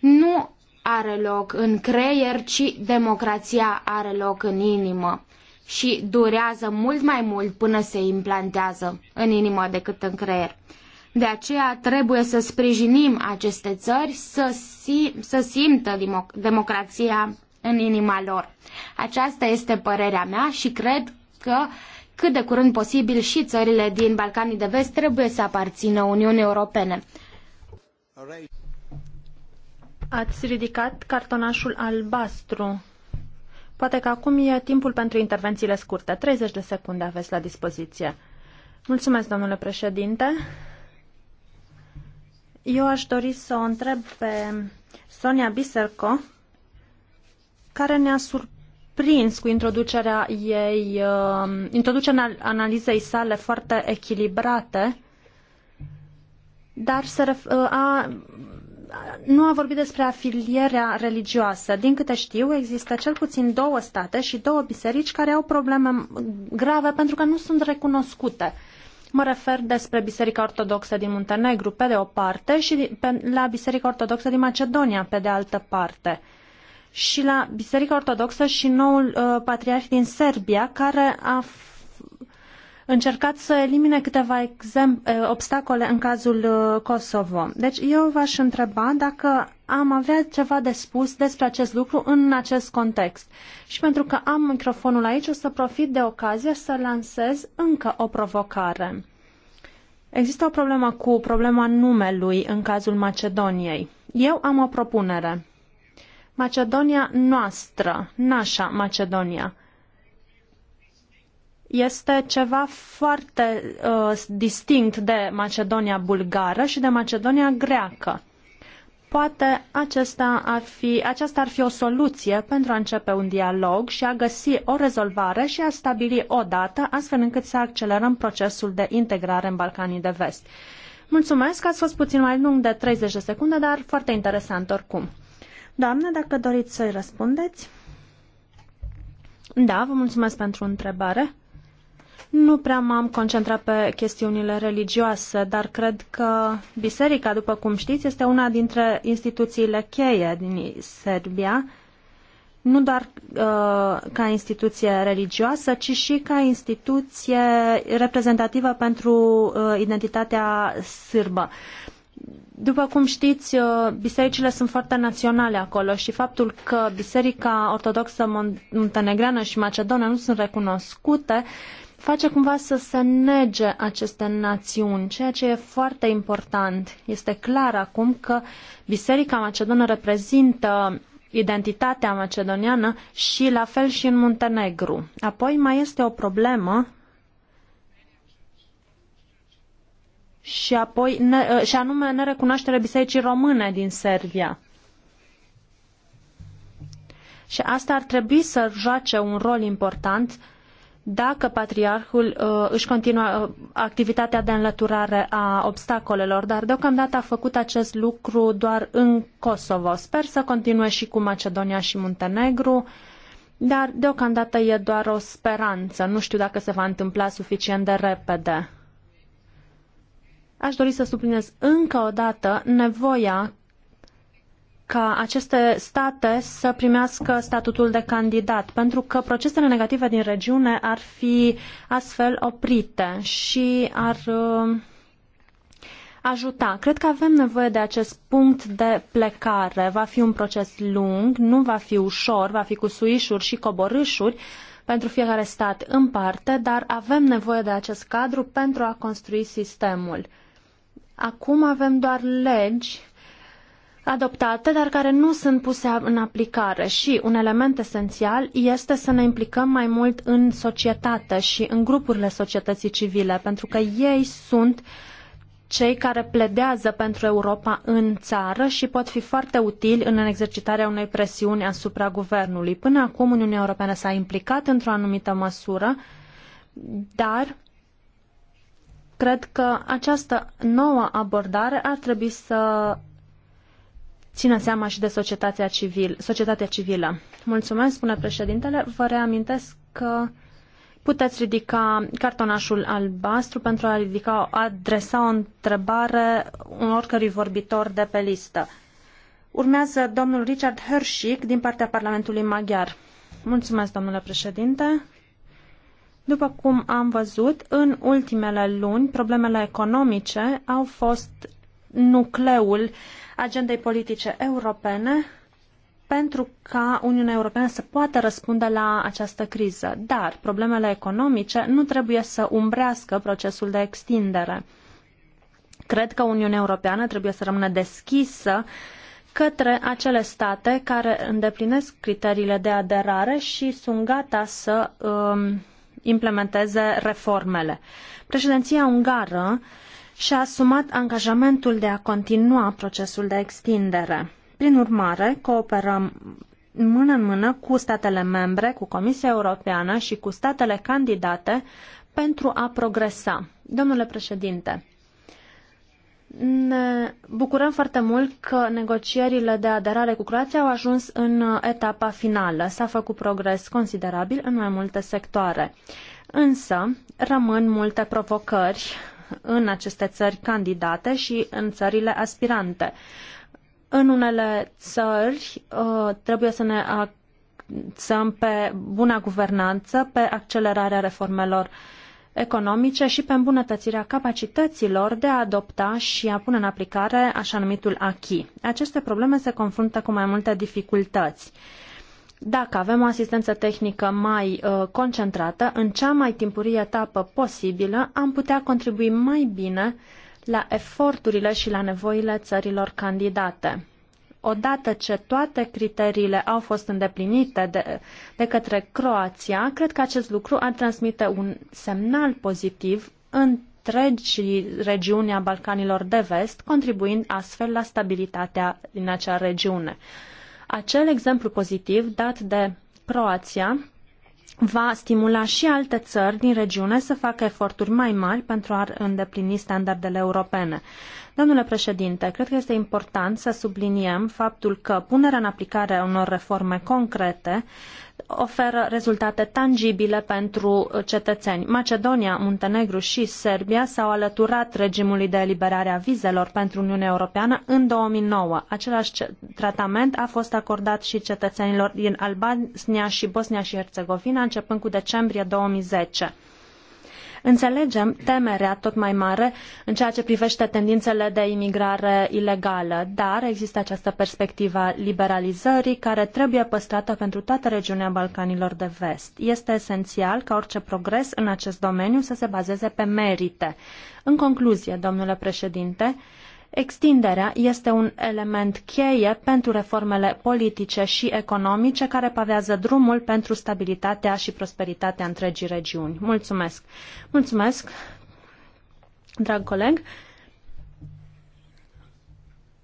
nu are loc în creier, ci democrația are loc în inimă și durează mult mai mult până se implantează în inimă decât în creier. De aceea trebuie să sprijinim aceste țări să, si, să simtă democrația în inima lor. Aceasta este părerea mea și cred că cât de curând posibil și țările din Balcanii de Vest trebuie să aparțină Uniunii Europene. Ați ridicat cartonașul albastru. Poate că acum e timpul pentru intervențiile scurte. 30 de secunde aveți la dispoziție. Mulțumesc, domnule președinte. Eu aș dori să o întreb pe Sonia Biserco, care ne-a surprins cu introducerea ei, um, introducerea analizei sale foarte echilibrate, dar se ref- uh, a, nu a vorbit despre afilierea religioasă. Din câte știu, există cel puțin două state și două biserici care au probleme grave pentru că nu sunt recunoscute. Mă refer despre Biserica Ortodoxă din Muntenegru, pe de o parte, și la Biserica Ortodoxă din Macedonia, pe de altă parte și la Biserica Ortodoxă și noul uh, patriarh din Serbia, care a încercat să elimine câteva eh, obstacole în cazul eh, Kosovo. Deci eu v-aș întreba dacă am avea ceva de spus despre acest lucru în acest context. Și pentru că am microfonul aici, o să profit de ocazie să lansez încă o provocare. Există o problemă cu problema numelui în cazul Macedoniei. Eu am o propunere. Macedonia noastră, nașa Macedonia este ceva foarte uh, distinct de Macedonia bulgară și de Macedonia greacă. Poate acesta ar fi, aceasta ar fi o soluție pentru a începe un dialog și a găsi o rezolvare și a stabili o dată, astfel încât să accelerăm procesul de integrare în Balcanii de Vest. Mulțumesc, că ați fost puțin mai lung de 30 de secunde, dar foarte interesant oricum. Doamne, dacă doriți să-i răspundeți. Da, vă mulțumesc pentru întrebare. Nu prea m-am concentrat pe chestiunile religioase, dar cred că biserica, după cum știți, este una dintre instituțiile cheie din Serbia, nu doar uh, ca instituție religioasă, ci și ca instituție reprezentativă pentru uh, identitatea sârbă. După cum știți, uh, bisericile sunt foarte naționale acolo și faptul că Biserica Ortodoxă Muntenegreană și Macedonă nu sunt recunoscute face cumva să se nege aceste națiuni, ceea ce e foarte important. Este clar acum că Biserica Macedonă reprezintă identitatea macedoniană și la fel și în Muntenegru. Apoi mai este o problemă și, apoi, ne, ă, și anume nerecunoașterea Bisericii Române din Serbia. Și asta ar trebui să joace un rol important uh, dacă patriarhul uh, își continuă uh, activitatea de înlăturare a obstacolelor, dar deocamdată a făcut acest lucru doar în Kosovo. Sper să continue și cu Macedonia și Muntenegru, dar deocamdată e doar o speranță. Nu știu dacă se va întâmpla suficient de repede. Aș dori să subliniez încă o dată nevoia ca aceste state să primească statutul de candidat, pentru că procesele negative din regiune ar fi astfel oprite și ar uh, ajuta. Cred că avem nevoie de acest punct de plecare. Va fi un proces lung, nu va fi ușor, va fi cu suișuri și coborâșuri pentru fiecare stat în parte, dar avem nevoie de acest cadru pentru a construi sistemul. Acum avem doar legi adoptate, dar care nu sunt puse în aplicare. Și un element esențial este să ne implicăm mai mult în societate și în grupurile societății civile, pentru că ei sunt cei care pledează pentru Europa în țară și pot fi foarte utili în exercitarea unei presiuni asupra guvernului. Până acum Uniunea Europeană s-a implicat într-o anumită măsură, dar cred că această nouă abordare ar trebui să țină seama și de societatea, civil, societatea civilă. Mulțumesc, spune președintele. Vă reamintesc că puteți ridica cartonașul albastru pentru a ridica, adresa o întrebare oricărui vorbitor de pe listă. Urmează domnul Richard Hershik din partea Parlamentului Maghiar. Mulțumesc, domnule președinte. După cum am văzut, în ultimele luni, problemele economice au fost nucleul uh, agendei politice europene pentru ca Uniunea Europeană să poată răspunde la această criză. Dar problemele economice nu trebuie să umbrească procesul de extindere. Cred că Uniunea Europeană trebuie să rămână deschisă către acele state care îndeplinesc criteriile de aderare și sunt gata să um, implementeze reformele. Președinția ungară uh, și-a asumat angajamentul de a continua procesul de extindere. Prin urmare, cooperăm mână în mână cu statele membre, cu Comisia Europeană și cu statele candidate pentru a progresa. Domnule președinte, ne bucurăm foarte mult că negocierile de aderare cu Croația au ajuns în etapa finală. S-a făcut progres considerabil în mai multe sectoare. Însă, rămân multe provocări în aceste țări candidate și în țările aspirante. În unele țări uh, trebuie să ne axăm pe buna guvernanță, pe accelerarea reformelor economice și pe îmbunătățirea capacităților de a adopta și a pune în aplicare așa numitul acquis. Aceste probleme se confruntă cu mai multe dificultăți. Dacă avem o asistență tehnică mai uh, concentrată, în cea mai timpurie etapă posibilă, am putea contribui mai bine la eforturile și la nevoile țărilor candidate. Odată ce toate criteriile au fost îndeplinite de, de către Croația, cred că acest lucru ar transmite un semnal pozitiv în întregii regiunea Balcanilor de Vest, contribuind astfel la stabilitatea din acea regiune acel exemplu pozitiv dat de Croația va stimula și alte țări din regiune să facă eforturi mai mari pentru a îndeplini standardele europene. Domnule președinte, cred că este important să subliniem faptul că punerea în aplicare a unor reforme concrete oferă rezultate tangibile pentru cetățeni. Macedonia, Muntenegru și Serbia s-au alăturat regimului de eliberare a vizelor pentru Uniunea Europeană în 2009. Același tratament a fost acordat și cetățenilor din Albania și Bosnia și Herțegovina începând cu decembrie 2010. Înțelegem temerea tot mai mare în ceea ce privește tendințele de imigrare ilegală, dar există această perspectivă a liberalizării care trebuie păstrată pentru toată regiunea Balcanilor de Vest. Este esențial ca orice progres în acest domeniu să se bazeze pe merite. În concluzie, domnule președinte, Extinderea este un element cheie pentru reformele politice și economice care pavează drumul pentru stabilitatea și prosperitatea întregii regiuni. Mulțumesc! Mulțumesc, drag coleg!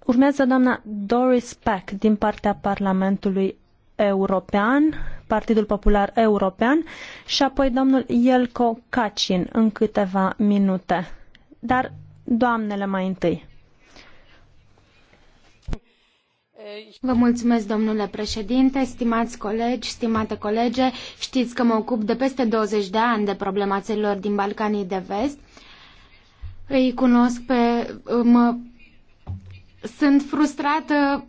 Urmează doamna Doris Pack din partea Parlamentului European, Partidul Popular European și apoi domnul Elko Kacin în câteva minute. Dar doamnele mai întâi. Vă mulțumesc, domnule președinte, stimați colegi, stimate colege. Știți că mă ocup de peste 20 de ani de problema țărilor din Balcanii de Vest. Îi cunosc pe... Mă, sunt frustrată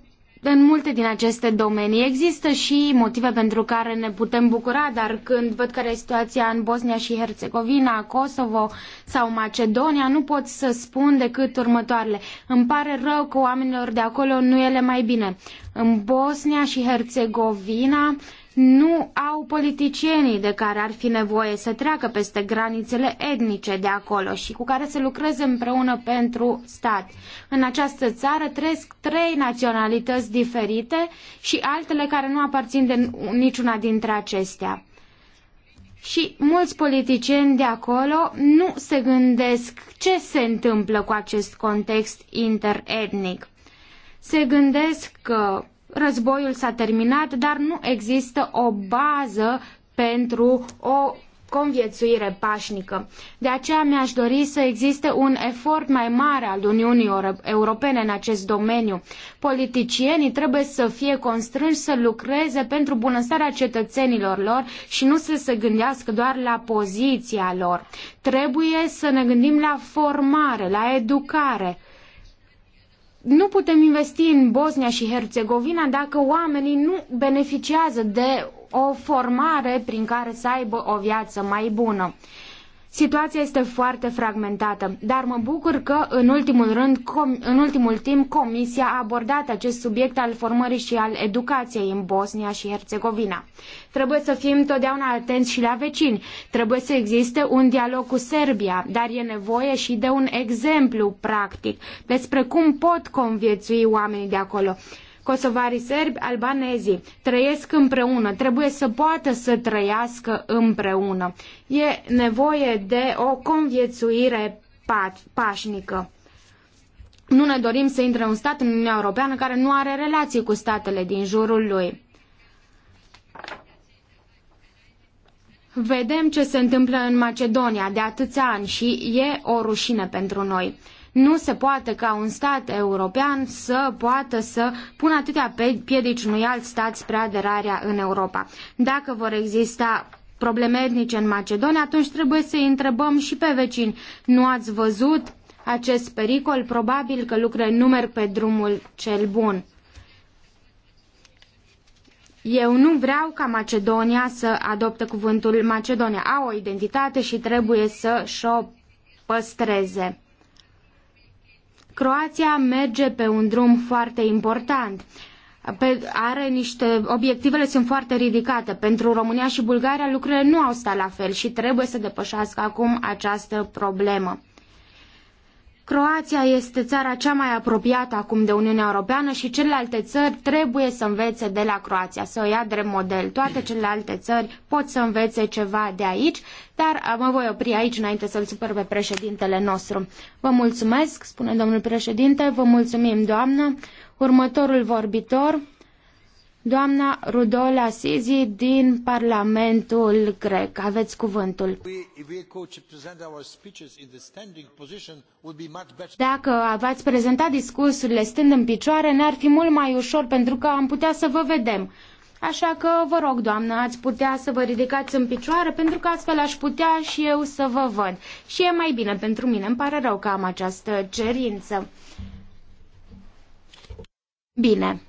în multe din aceste domenii. Există și motive pentru care ne putem bucura, dar când văd care e situația în Bosnia și Herțegovina, Kosovo sau Macedonia, nu pot să spun decât următoarele. Îmi pare rău că oamenilor de acolo nu e le mai bine. În Bosnia și Herțegovina nu au politicienii de care ar fi nevoie să treacă peste granițele etnice de acolo și cu care să lucreze împreună pentru stat. În această țară trăiesc trei naționalități diferite și altele care nu aparțin de niciuna dintre acestea. Și mulți politicieni de acolo nu se gândesc ce se întâmplă cu acest context interetnic. Se gândesc că războiul s-a terminat, dar nu există o bază pentru o conviețuire pașnică. De aceea mi-aș dori să existe un efort mai mare al Uniunii Europene în acest domeniu. Politicienii trebuie să fie constrânși să lucreze pentru bunăstarea cetățenilor lor și nu să se gândească doar la poziția lor. Trebuie să ne gândim la formare, la educare nu putem investi în Bosnia și Herțegovina dacă oamenii nu beneficiază de o formare prin care să aibă o viață mai bună. Situația este foarte fragmentată, dar mă bucur că în ultimul, rând, în ultimul timp Comisia a abordat acest subiect al formării și al educației în Bosnia și Herțegovina. Trebuie să fim totdeauna atenți și la vecini. Trebuie să existe un dialog cu Serbia, dar e nevoie și de un exemplu practic despre cum pot conviețui oamenii de acolo. Kosovarii serbi, albanezii trăiesc împreună, trebuie să poată să trăiască împreună. E nevoie de o conviețuire pa pașnică. Nu ne dorim să intre un stat în Uniunea Europeană care nu are relații cu statele din jurul lui. Vedem ce se întâmplă în Macedonia de atâția ani și e o rușine pentru noi. Nu se poate ca un stat european să poată să pună atâtea piedici unui alt stat spre aderarea în Europa. Dacă vor exista probleme etnice în Macedonia, atunci trebuie să îi întrebăm și pe vecini. Nu ați văzut acest pericol? Probabil că lucrurile nu merg pe drumul cel bun. Eu nu vreau ca Macedonia să adopte cuvântul Macedonia. Au o identitate și trebuie să și-o păstreze. Croația merge pe un drum foarte important. Pe, are niște obiectivele sunt foarte ridicate. Pentru România și Bulgaria lucrurile nu au stat la fel și trebuie să depășească acum această problemă. Croația este țara cea mai apropiată acum de Uniunea Europeană și celelalte țări trebuie să învețe de la Croația, să o ia drept model. Toate celelalte țări pot să învețe ceva de aici, dar mă voi opri aici înainte să-l supăr pe președintele nostru. Vă mulțumesc, spune domnul președinte, vă mulțumim, doamnă. Următorul vorbitor Doamna Rudola Sizi din Parlamentul grec, aveți cuvântul. Dacă v-ați prezentat discursurile stând în picioare, ne-ar fi mult mai ușor pentru că am putea să vă vedem. Așa că vă rog, doamnă, ați putea să vă ridicați în picioare pentru că astfel aș putea și eu să vă văd. Și e mai bine pentru mine, îmi pare rău că am această cerință. Bine.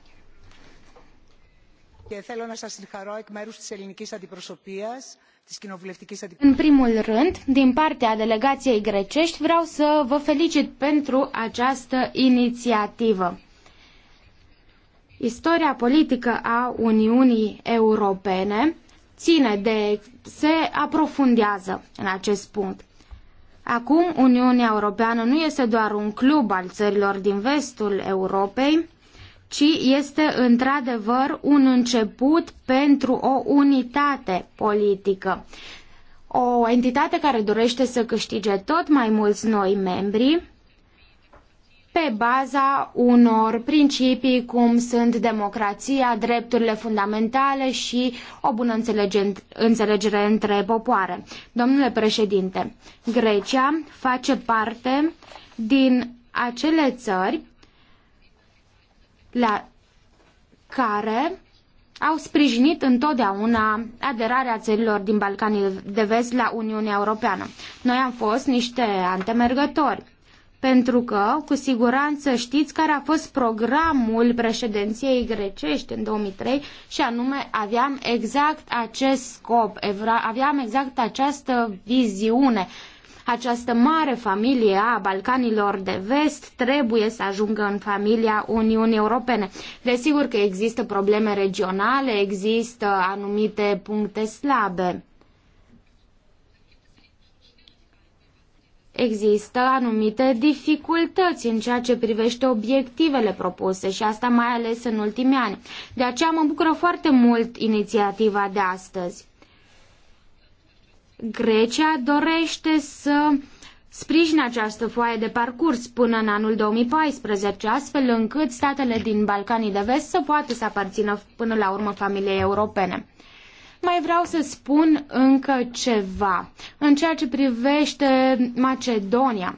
În primul rând, din partea delegației grecești, vreau să vă felicit pentru această inițiativă. Istoria politică a Uniunii Europene ține de, se aprofundează în acest punct. Acum, Uniunea Europeană nu este doar un club al țărilor din vestul Europei, ci este într-adevăr un început pentru o unitate politică. O entitate care dorește să câștige tot mai mulți noi membri pe baza unor principii cum sunt democrația, drepturile fundamentale și o bună înțelegere între popoare. Domnule președinte, Grecia face parte din acele țări la care au sprijinit întotdeauna aderarea țărilor din Balcanii de Vest la Uniunea Europeană. Noi am fost niște antemergători, pentru că, cu siguranță, știți care a fost programul președinției grecești în 2003 și anume aveam exact acest scop, aveam exact această viziune această mare familie a Balcanilor de Vest trebuie să ajungă în familia Uniunii Europene. Desigur că există probleme regionale, există anumite puncte slabe. Există anumite dificultăți în ceea ce privește obiectivele propuse și asta mai ales în ultimii ani. De aceea mă bucură foarte mult inițiativa de astăzi. Grecia dorește să sprijine această foaie de parcurs până în anul 2014, astfel încât statele din Balcanii de Vest să poată să aparțină până la urmă familiei europene. Mai vreau să spun încă ceva în ceea ce privește Macedonia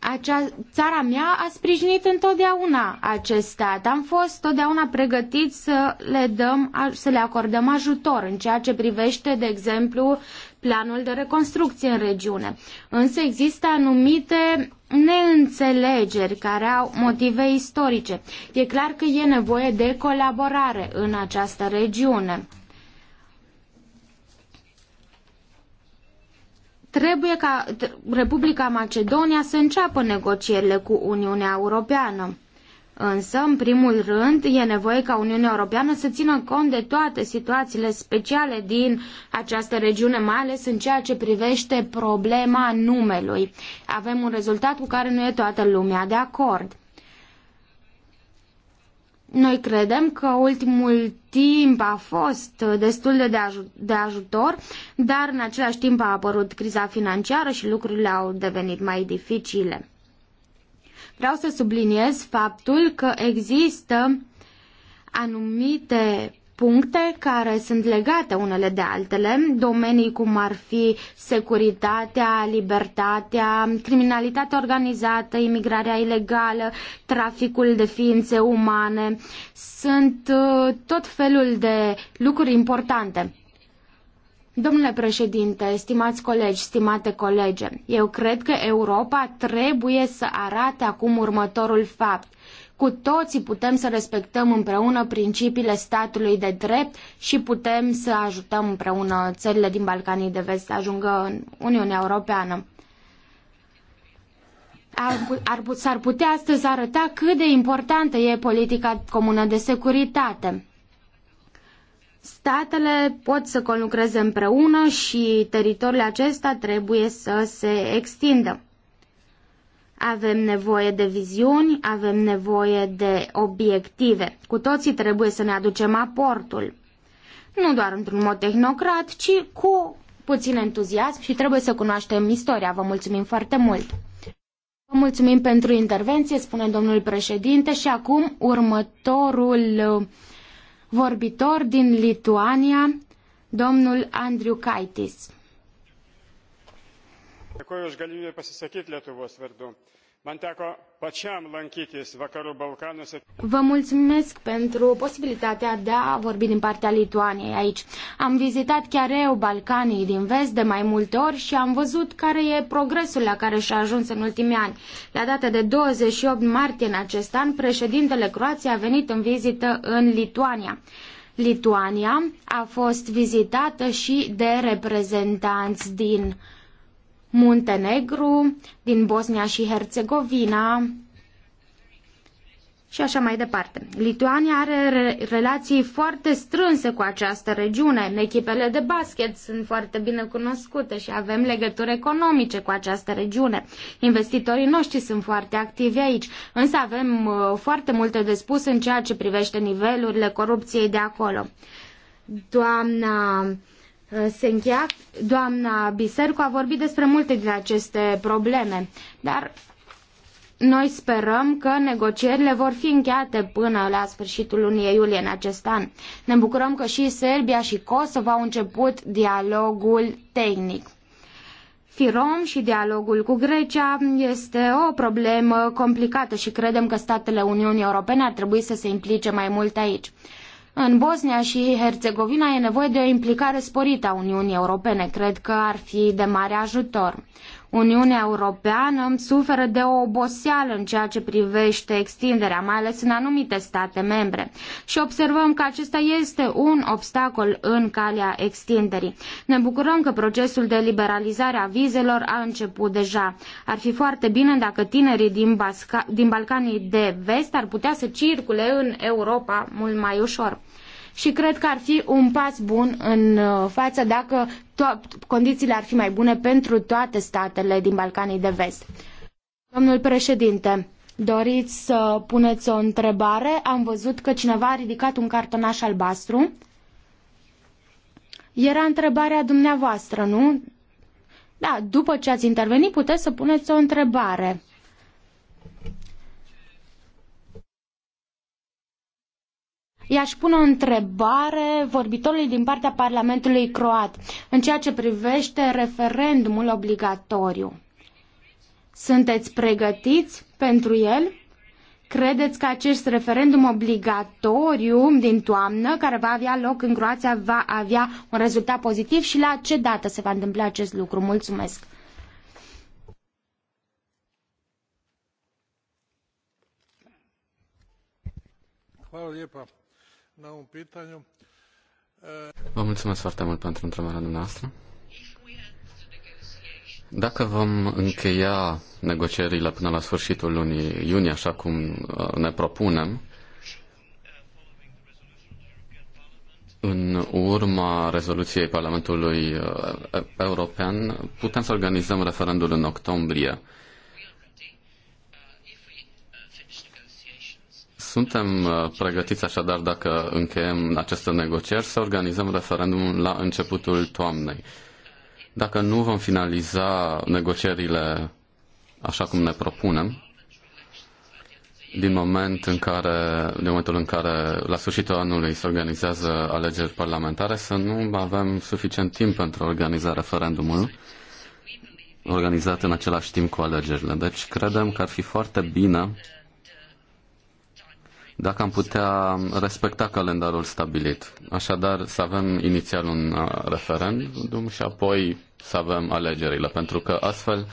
acea, țara mea a sprijinit întotdeauna acest stat. Am fost totdeauna pregătiți să le, dăm, să le acordăm ajutor în ceea ce privește, de exemplu, planul de reconstrucție în regiune. Însă există anumite neînțelegeri care au motive istorice. E clar că e nevoie de colaborare în această regiune. Trebuie ca Republica Macedonia să înceapă negocierile cu Uniunea Europeană. Însă, în primul rând, e nevoie ca Uniunea Europeană să țină cont de toate situațiile speciale din această regiune, mai ales în ceea ce privește problema numelui. Avem un rezultat cu care nu e toată lumea de acord. Noi credem că ultimul timp a fost destul de, aj- de ajutor, dar în același timp a apărut criza financiară și lucrurile au devenit mai dificile. Vreau să subliniez faptul că există anumite puncte care sunt legate unele de altele, domenii cum ar fi securitatea, libertatea, criminalitatea organizată, imigrarea ilegală, traficul de ființe umane. Sunt uh, tot felul de lucruri importante. Domnule președinte, stimați colegi, stimate colege, eu cred că Europa trebuie să arate acum următorul fapt – cu toții putem să respectăm împreună principiile statului de drept și putem să ajutăm împreună țările din Balcanii de Vest să ajungă în Uniunea Europeană ar, s-ar putea astăzi arăta cât de importantă e politica comună de securitate. Statele pot să conlucreze împreună și teritoriul acesta trebuie să se extindă. Avem nevoie de viziuni, avem nevoie de obiective. Cu toții trebuie să ne aducem aportul. Nu doar într-un mod tehnocrat, ci cu puțin entuziasm și trebuie să cunoaștem istoria. Vă mulțumim foarte mult! Vă mulțumim pentru intervenție, spune domnul președinte, și acum următorul vorbitor din Lituania, domnul Andriu Kaitis. Dėkuoju už galimybę pasisakyti Lietuvos vardu. Man teko pačiam lankytis Vakarų Balkanuose. Vă mulțumesc pentru posibilitatea de a vorbi din partea Lituaniei aici. Am vizitat chiar eu Balcanii din vest de mai multe ori și am văzut care e progresul la care și-a ajuns în ultimii ani. La data de 28 martie în acest an, președintele Croației a venit în vizită în Lituania. Lituania a fost vizitată și de reprezentanți din Muntenegru, din Bosnia și Herțegovina și așa mai departe. Lituania are relații foarte strânse cu această regiune. Echipele de basket sunt foarte bine cunoscute și avem legături economice cu această regiune. Investitorii noștri sunt foarte activi aici, însă avem uh, foarte multe de spus în ceea ce privește nivelurile corupției de acolo. Doamna Uh, se încheia, doamna Bisercu a vorbit despre multe din aceste probleme, dar noi sperăm că negocierile vor fi încheiate până la sfârșitul lunii iulie în acest an. Ne bucurăm că și Serbia și Kosovo au început dialogul tehnic. Firom și dialogul cu Grecia este o problemă complicată și credem că statele Uniunii Europene ar trebui să se implice mai mult aici. În Bosnia și Herțegovina e nevoie de o implicare sporită a Uniunii Europene. Cred că ar fi de mare ajutor. Uniunea Europeană suferă de o oboseală în ceea ce privește extinderea, mai ales în anumite state membre. Și observăm că acesta este un obstacol în calea extinderii. Ne bucurăm că procesul de liberalizare a vizelor a început deja. Ar fi foarte bine dacă tinerii din, Basca, din Balcanii de Vest ar putea să circule în Europa mult mai ușor și cred că ar fi un pas bun în uh, față dacă condițiile ar fi mai bune pentru toate statele din Balcanii de Vest. Domnul președinte, doriți să puneți o întrebare? Am văzut că cineva a ridicat un cartonaș albastru. Era întrebarea dumneavoastră, nu? Da, după ce ați intervenit puteți să puneți o întrebare. i-aș pune o întrebare vorbitorului din partea Parlamentului croat în ceea ce privește referendumul obligatoriu. Sunteți pregătiți pentru el? Credeți că acest referendum obligatoriu din toamnă, care va avea loc în Croația, va avea un rezultat pozitiv și la ce dată se va întâmpla acest lucru? Mulțumesc! Hvala lijepa na ovom pitanju. Vă mulțumesc foarte mult pentru întrebarea dumneavoastră. Dacă vom încheia negocierile până la sfârșitul lunii iunie, așa cum uh, ne propunem, în urma rezoluției Parlamentului uh, European, putem să organizăm referendul în octombrie Suntem uh, pregătiți așadar dacă încheiem aceste negocieri să organizăm referendum la începutul toamnei. Dacă nu vom finaliza negocierile așa cum ne propunem, din moment în care, din momentul în care la sfârșitul anului se organizează alegeri parlamentare, să nu avem suficient timp pentru a organiza referendumul organizat în același timp cu alegerile. Deci credem că ar fi foarte bine dacă am putea respecta calendarul stabilit. Așadar, să avem inițial un uh, referendum și apoi să avem alegerile, pentru că astfel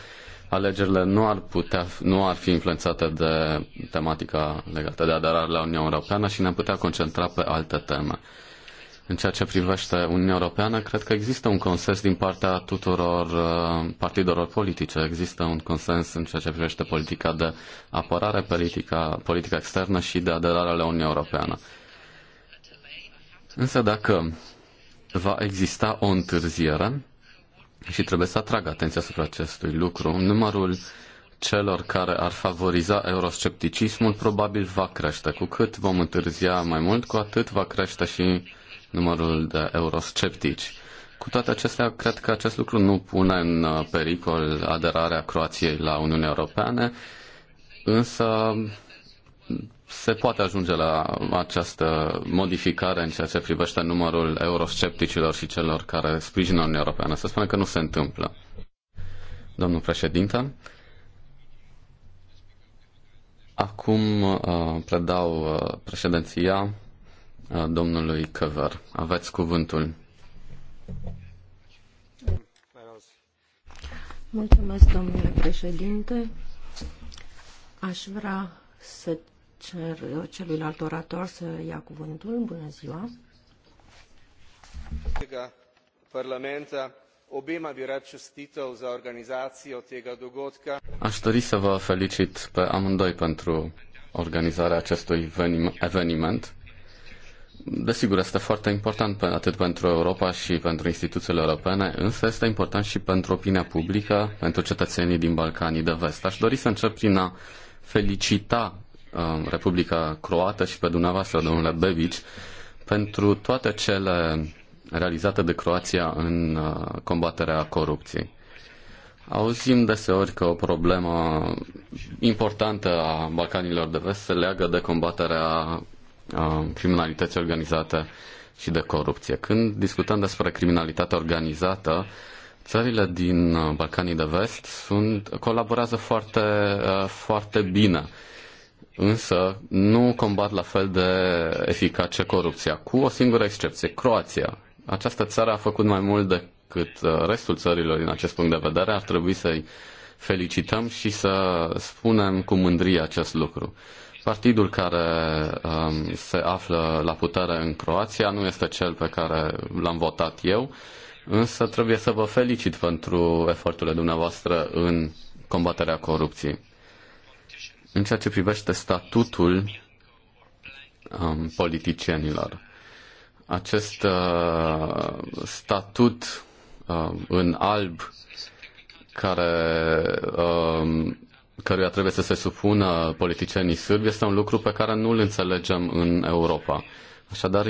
alegerile nu ar, putea, nu ar fi influențate de tematica legată de aderarea la Uniunea Europeană și ne-am putea concentra pe alte teme. În ceea ce privește Uniunea Europeană, cred că există un consens din partea tuturor uh, partidelor politice. Există un consens în ceea ce privește politica de apărare, politica, politica externă și de aderare la Uniunea Europeană. Însă dacă va exista o întârziere, și trebuie să atrag atenția asupra acestui lucru, numărul celor care ar favoriza euroscepticismul probabil va crește. Cu cât vom întârzia mai mult, cu atât va crește și numărul de eurosceptici. Cu toate acestea, cred că acest lucru nu pune în uh, pericol aderarea Croației la Uniunea Europeană, însă se poate ajunge la această modificare în ceea ce privește numărul euroscepticilor și celor care sprijină Uniunea Europeană. Să spunem că nu se întâmplă. Domnul președinte, acum uh, predau uh, președinția domnului Căver. Aveți cuvântul. Mulțumesc, domnule președinte. Aș vrea să cer celuilalt orator să ia cuvântul. Bună ziua! Parlamenta obema bi rad čestitev za organizacijo tega dogodka. Aș dori să vă felicit pe amândoi pentru organizarea acestui eveniment. Desigur, este foarte important atât pentru Europa și pentru instituțiile europene, însă este important și pentru opinia publică, pentru cetățenii din Balcanii de Vest. Aș dori să încep prin a felicita um, Republica Croată și pe dumneavoastră, domnule Bevici, pentru toate cele realizate de Croația în uh, combaterea corupției. Auzim deseori că o problemă importantă a Balcanilor de Vest se leagă de combaterea criminalității organizate și de corupție. Când discutăm despre criminalitatea organizată, țările din Balcanii de Vest sunt, colaborează foarte, foarte bine, însă nu combat la fel de eficace corupția, cu o singură excepție, Croația. Această țară a făcut mai mult decât restul țărilor din acest punct de vedere, ar trebui să-i felicităm și să spunem cu mândrie acest lucru. Partidul care um, se află la putere în Croația nu este cel pe care l-am votat eu, însă trebuie să vă felicit pentru eforturile dumneavoastră în combaterea corupției. În ceea ce privește statutul um, politicienilor, acest uh, statut uh, în alb care uh, căruia trebuie să se supună politicienii sârbi este un lucru pe care nu îl înțelegem în Europa. Așadar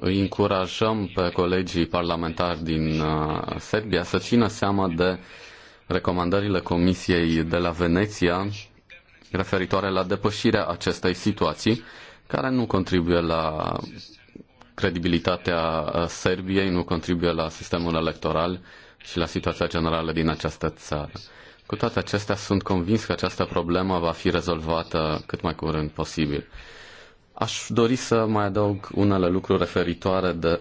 îi încurajăm pe colegii parlamentari din uh, Serbia să țină seama de recomandările Comisiei de la Veneția referitoare la depășirea acestei situații, care nu contribuie la credibilitatea uh, Serbiei, nu contribuie la sistemul electoral și la situația generală din această țară. Cu toate acestea, sunt convins că această problemă va fi rezolvată cât mai curând posibil. Aș dori să mai adaug unele lucruri referitoare de,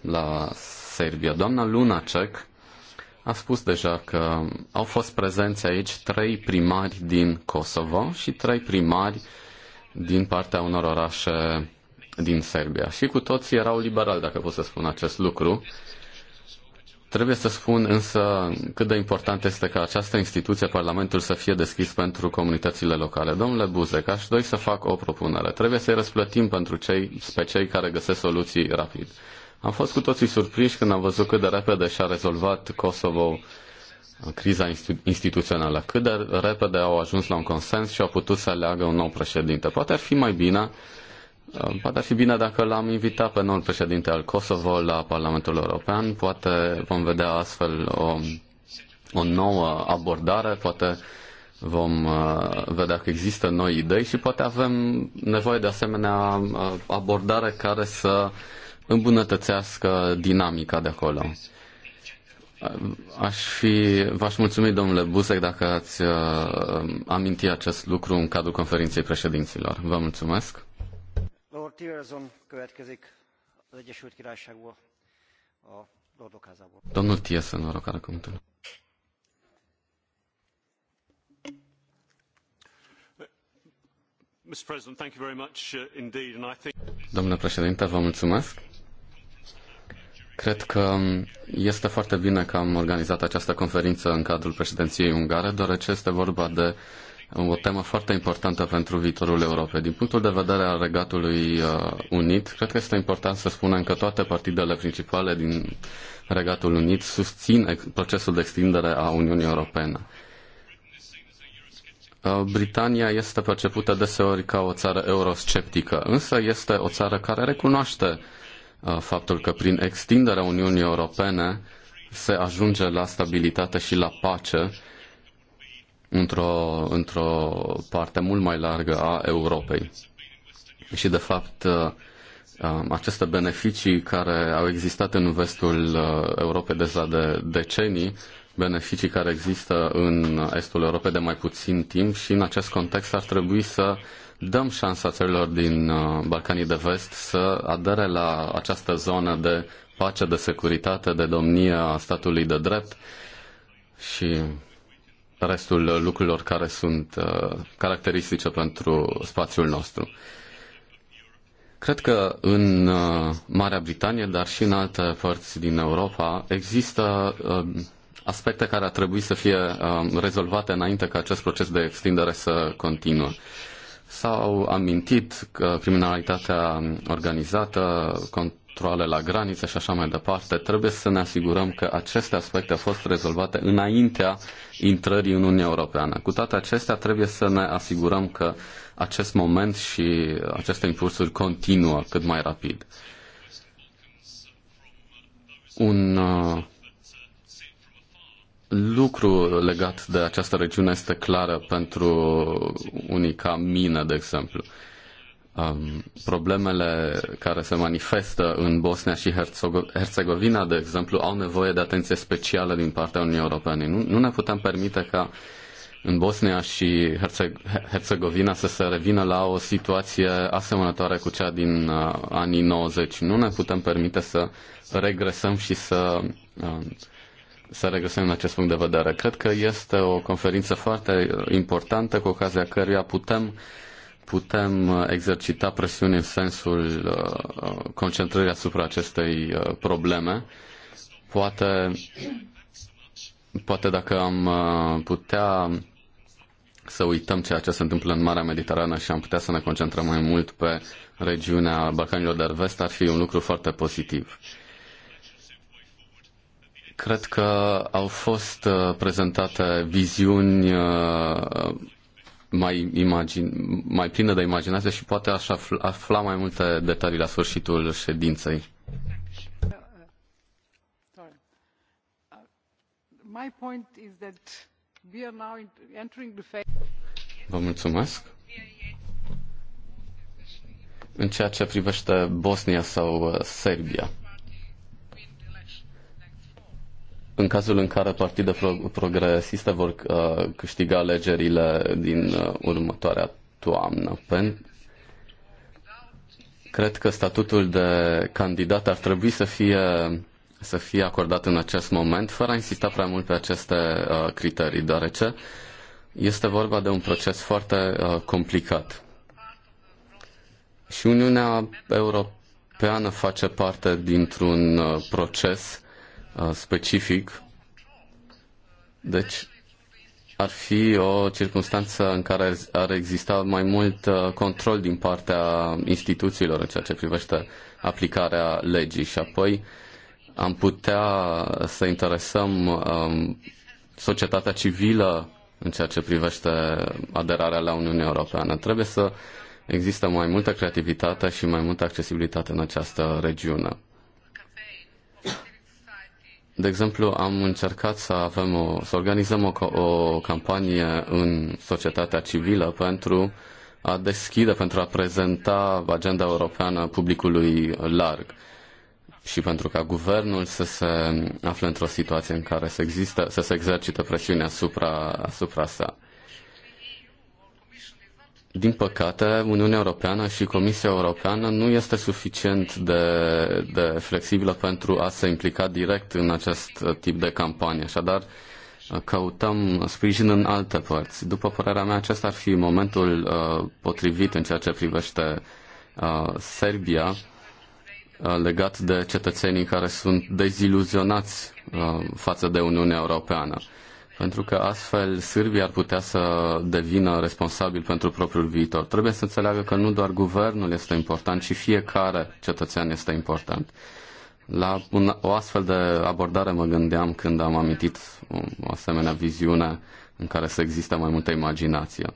la Serbia. Doamna Lunacek a spus deja că au fost prezenți aici trei primari din Kosovo și trei primari din partea unor orașe din Serbia. Și cu toții erau liberali, dacă pot să spun acest lucru. Uh, Trebuie să spun însă cât de important este ca această instituție, Parlamentul, să fie deschis pentru comunitățile locale. Domnule Buzec, aș dori să fac o propunere. Trebuie să-i răsplătim pentru cei, pe cei care găsesc soluții rapid. Am fost cu toții surprinși când am văzut cât de repede și-a rezolvat Kosovo criza instituțională, cât de repede au ajuns la un consens și au putut să aleagă un nou președinte. Poate ar fi mai bine Poate ar fi bine dacă l-am invitat pe noul președinte al Kosovo la Parlamentul European. Poate vom vedea astfel o, o nouă abordare, poate vom uh, vedea că există noi idei și poate avem nevoie de asemenea uh, abordare care să îmbunătățească dinamica de acolo. Aș fi, v-aș mulțumi, domnule Buzek, dacă ați uh, aminti acest lucru în cadrul conferinței președinților. Vă mulțumesc lord Tillerson következik az Egyesült Királyságból, a Lordokházából. Donald Tillerson, arra kell Mr. President, thank you very much uh, indeed, and I think... Domnule președinte, vă mulțumesc. Cred că um, este foarte bine că am organizat această conferință în cadrul președinției ungare, deoarece este vorba de o temă foarte importantă pentru viitorul Europei. Din punctul de vedere al Regatului uh, Unit, cred că este important să spunem că toate partidele principale din Regatul Unit susțin procesul de extindere a Uniunii Europene. Uh, Britania este percepută deseori ca o țară eurosceptică, însă este o țară care recunoaște uh, faptul că prin extinderea Uniunii Europene se ajunge la stabilitate și la pace, într-o, într-o parte mult mai largă a Europei. Și, de fapt, uh, um, aceste beneficii care au existat în vestul uh, Europei deja de decenii, beneficii care există în estul Europei de mai puțin timp și, în acest context, ar trebui să dăm șansa țărilor din uh, Balcanii de Vest să adere la această zonă de pace, de securitate, de domnie a statului de drept și restul lucrurilor care sunt uh, caracteristice pentru spațiul nostru. Cred că în uh, Marea Britanie, dar și în alte părți din Europa, există uh, aspecte care ar trebui să fie rezolvate înainte ca acest proces de extindere să continue. S-au amintit că criminalitatea organizată, controle la graniță și așa mai departe, trebuie să ne asigurăm că aceste aspecte au fost rezolvate înaintea intrării în Uniunea Europeană. Cu toate acestea, trebuie să ne asigurăm că acest moment și aceste impulsuri continuă cât mai rapid. Un uh, lucru legat de această regiune este clară pentru unii ca mine, de exemplu. Uh, um, problemele care se manifestă în Bosnia și Herțegovina, de exemplu, au nevoie de atenție specială din partea Uniunii Europene. Nu, nu ne putem permite ca în Bosnia și Herțegovina să se revină la o situație asemănătoare cu cea din uh, anii 90. Nu ne putem permite să regresăm și să, uh, să regresăm în acest punct de vedere. Cred că este o conferință foarte uh, importantă cu ocazia căruia putem uh, putem uh, exercita presiuni în sensul uh, uh, concentrării asupra acestei probleme. Poate, poate dacă am putea să uităm ceea ce se întâmplă în Marea Mediterană și am putea să ne concentrăm mai mult pe regiunea Balcanilor de Vest, ar fi un lucru foarte pozitiv. Cred că au fost prezentate viziuni mai, imagine, mai plină de imaginație și poate aș afla, afla mai multe detalii la sfârșitul ședinței. Vă mulțumesc. În ceea ce privește Bosnia sau uh, Serbia. în cazul în care partide progresiste vor uh, câștiga alegerile din uh, următoarea toamnă. Pen- Cred că statutul de candidat ar trebui să fie, să fie acordat în acest moment, fără a insista prea mult pe aceste uh, criterii, deoarece este vorba de un proces foarte uh, complicat. Și Uniunea Europeană face parte dintr-un uh, proces Uh, specific. Deci, ar fi o circunstanță în care ar exista mai mult uh, control din partea instituțiilor în ceea ce privește aplicarea legii și apoi am putea să interesăm um, societatea civilă în ceea ce privește aderarea la Uniunea Europeană. Trebuie să există mai multă creativitate și mai multă accesibilitate în această regiune. De exemplu, am încercat să avem o, să organizăm o, o campanie în societatea civilă pentru a deschide, pentru a prezenta agenda europeană publicului larg și pentru ca guvernul să se afle într-o situație în care să, există, să se exercite presiunea asupra, asupra sa din păcate, Uniunea Europeană și Comisia Europeană nu este suficient de, de flexibilă pentru a se implica direct în acest tip de campanie. Așadar, căutăm sprijin în alte părți. După părerea mea, acesta ar fi momentul uh, potrivit în ceea ce privește uh, Serbia uh, legat de cetățenii care sunt deziluzionați uh, față de Uniunea Europeană. Uh, pentru că astfel Sârbia ar putea să devină responsabil pentru propriul viitor. Trebuie să înțeleagă că nu doar guvernul este important, ci fiecare cetățean este important. La un, o astfel de abordare mă gândeam când am amintit o, o asemenea viziune în care să există mai multă imaginație.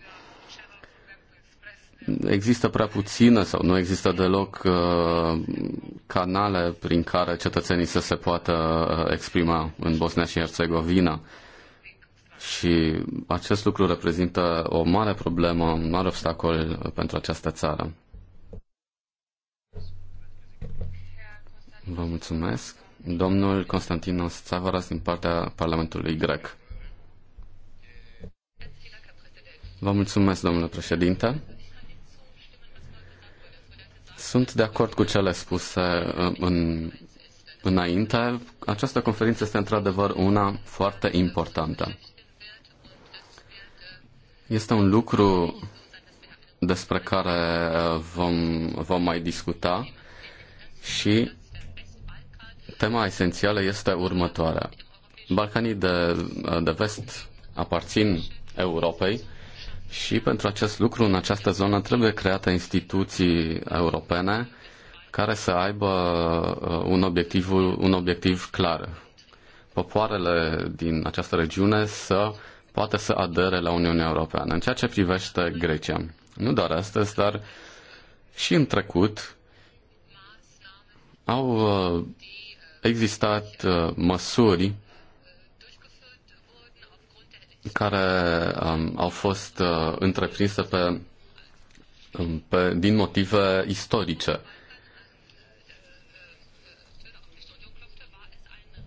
Există prea puține sau nu există deloc uh, canale prin care cetățenii să se poată uh, exprima în Bosnia și Herțegovina. Și acest lucru reprezintă o mare problemă, un mare obstacol pentru această țară. Vă mulțumesc. Domnul Constantinos Tsavaras din partea Parlamentului Grec. Vă mulțumesc, domnule președinte. Sunt de acord cu cele spuse uh, în, înainte. Această conferință este într-adevăr una foarte importantă. Este un lucru despre care uh, vom, vom mai discuta și tema esențială este următoarea. Balcanii de, uh, de vest aparțin Europei și pentru acest lucru în această zonă trebuie create instituții europene care să aibă uh, un obiectiv, un obiectiv clar. Popoarele din această regiune să poate să adere la Uniunea Europeană. În ceea ce privește Grecia, nu doar astăzi, dar și în trecut au uh, existat uh, măsuri care um, au fost uh, întreprinse pe, um, pe, din motive istorice.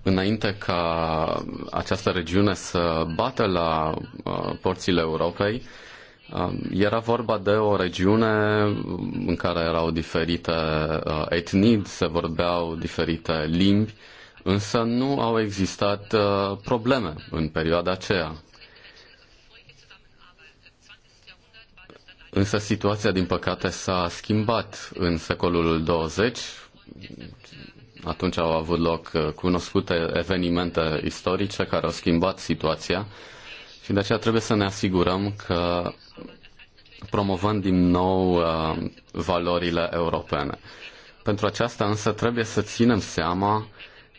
înainte ca această regiune să bată la uh, porțile Europei, um, era vorba de o regiune în care erau diferite uh, etnii, se vorbeau diferite limbi, însă nu au existat uh, probleme în perioada aceea. Însă situația, din păcate, s-a schimbat în secolul 20. Atunci au avut loc uh, cunoscute evenimente istorice care au schimbat situația și de aceea trebuie să ne asigurăm că promovăm din nou uh, valorile europene. Pentru aceasta însă trebuie să ținem seama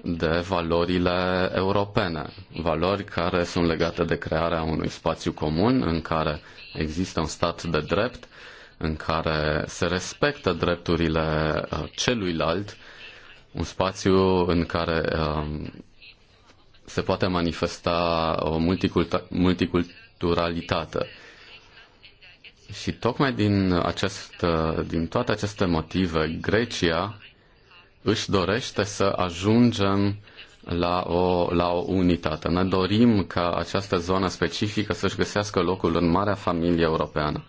de valorile europene, valori care sunt legate de crearea unui spațiu comun în care există un stat de drept, în care se respectă drepturile uh, celuilalt un spațiu în care um, se poate manifesta o multiculturalitate. Și tocmai din, acest, uh, din toate aceste motive, Grecia își dorește să ajungem la o, la o unitate. Ne dorim ca această zonă specifică să-și găsească locul în marea familie europeană.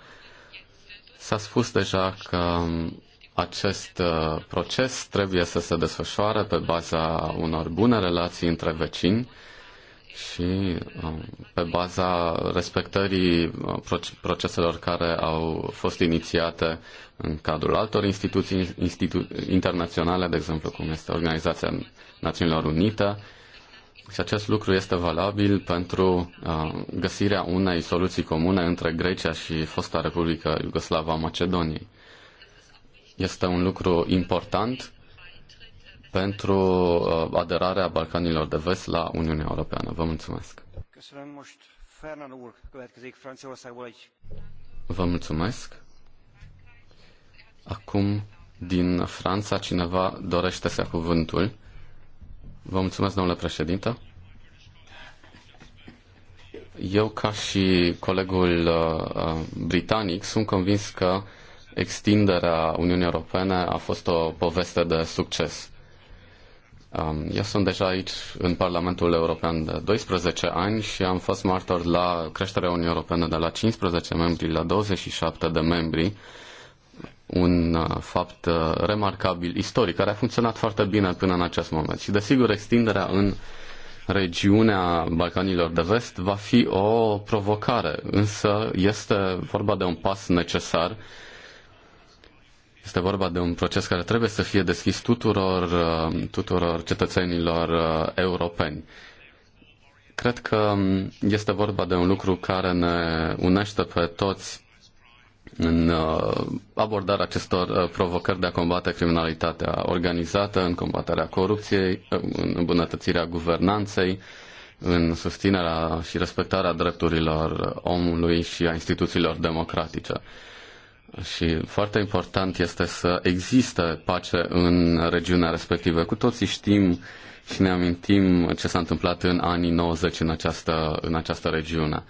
S-a spus deja că um, acest uh, proces trebuie să se desfășoare pe baza unor bune relații între vecini și um, pe baza respectării uh, proceselor care au fost inițiate în cadrul altor instituții institu- internaționale, de exemplu cum este Organizația Națiunilor Unite, și acest lucru este valabil pentru uh, găsirea unei soluții comune între Grecia și fosta Republică Iugoslava Macedoniei este un lucru important pentru uh, aderarea Balcanilor de Vest la Uniunea Europeană. Vă mulțumesc! Vă mulțumesc! Acum, din Franța, cineva dorește să ia cuvântul. Vă mulțumesc, domnule președinte. Eu, ca și colegul uh, uh britanic, sunt convins că uh, extinderea Uniunii Europene a fost o poveste de succes. Um, eu sunt deja aici în Parlamentul European de 12 ani și am fost martor la creșterea Uniunii Europene de la 15 membri la 27 de membri, un uh, fapt uh, remarcabil istoric care a funcționat foarte bine până în acest moment. Și desigur, extinderea în regiunea Balcanilor de Vest va fi o provocare, însă este vorba de un pas necesar uh, este vorba de un proces care trebuie să fie deschis tuturor, uh, tuturor cetățenilor uh, europeni. Cred că um, este vorba de un lucru care ne unește pe toți în uh, abordarea acestor provocări de a combate criminalitatea organizată, în combaterea corupției, în îmbunătățirea guvernanței, în susținerea și respectarea drepturilor omului și a instituțiilor democratice. Și foarte important este să existe pace în regiunea respectivă. Cu toții știm și ne amintim ce s-a întâmplat în anii 90 în această, în această regiune.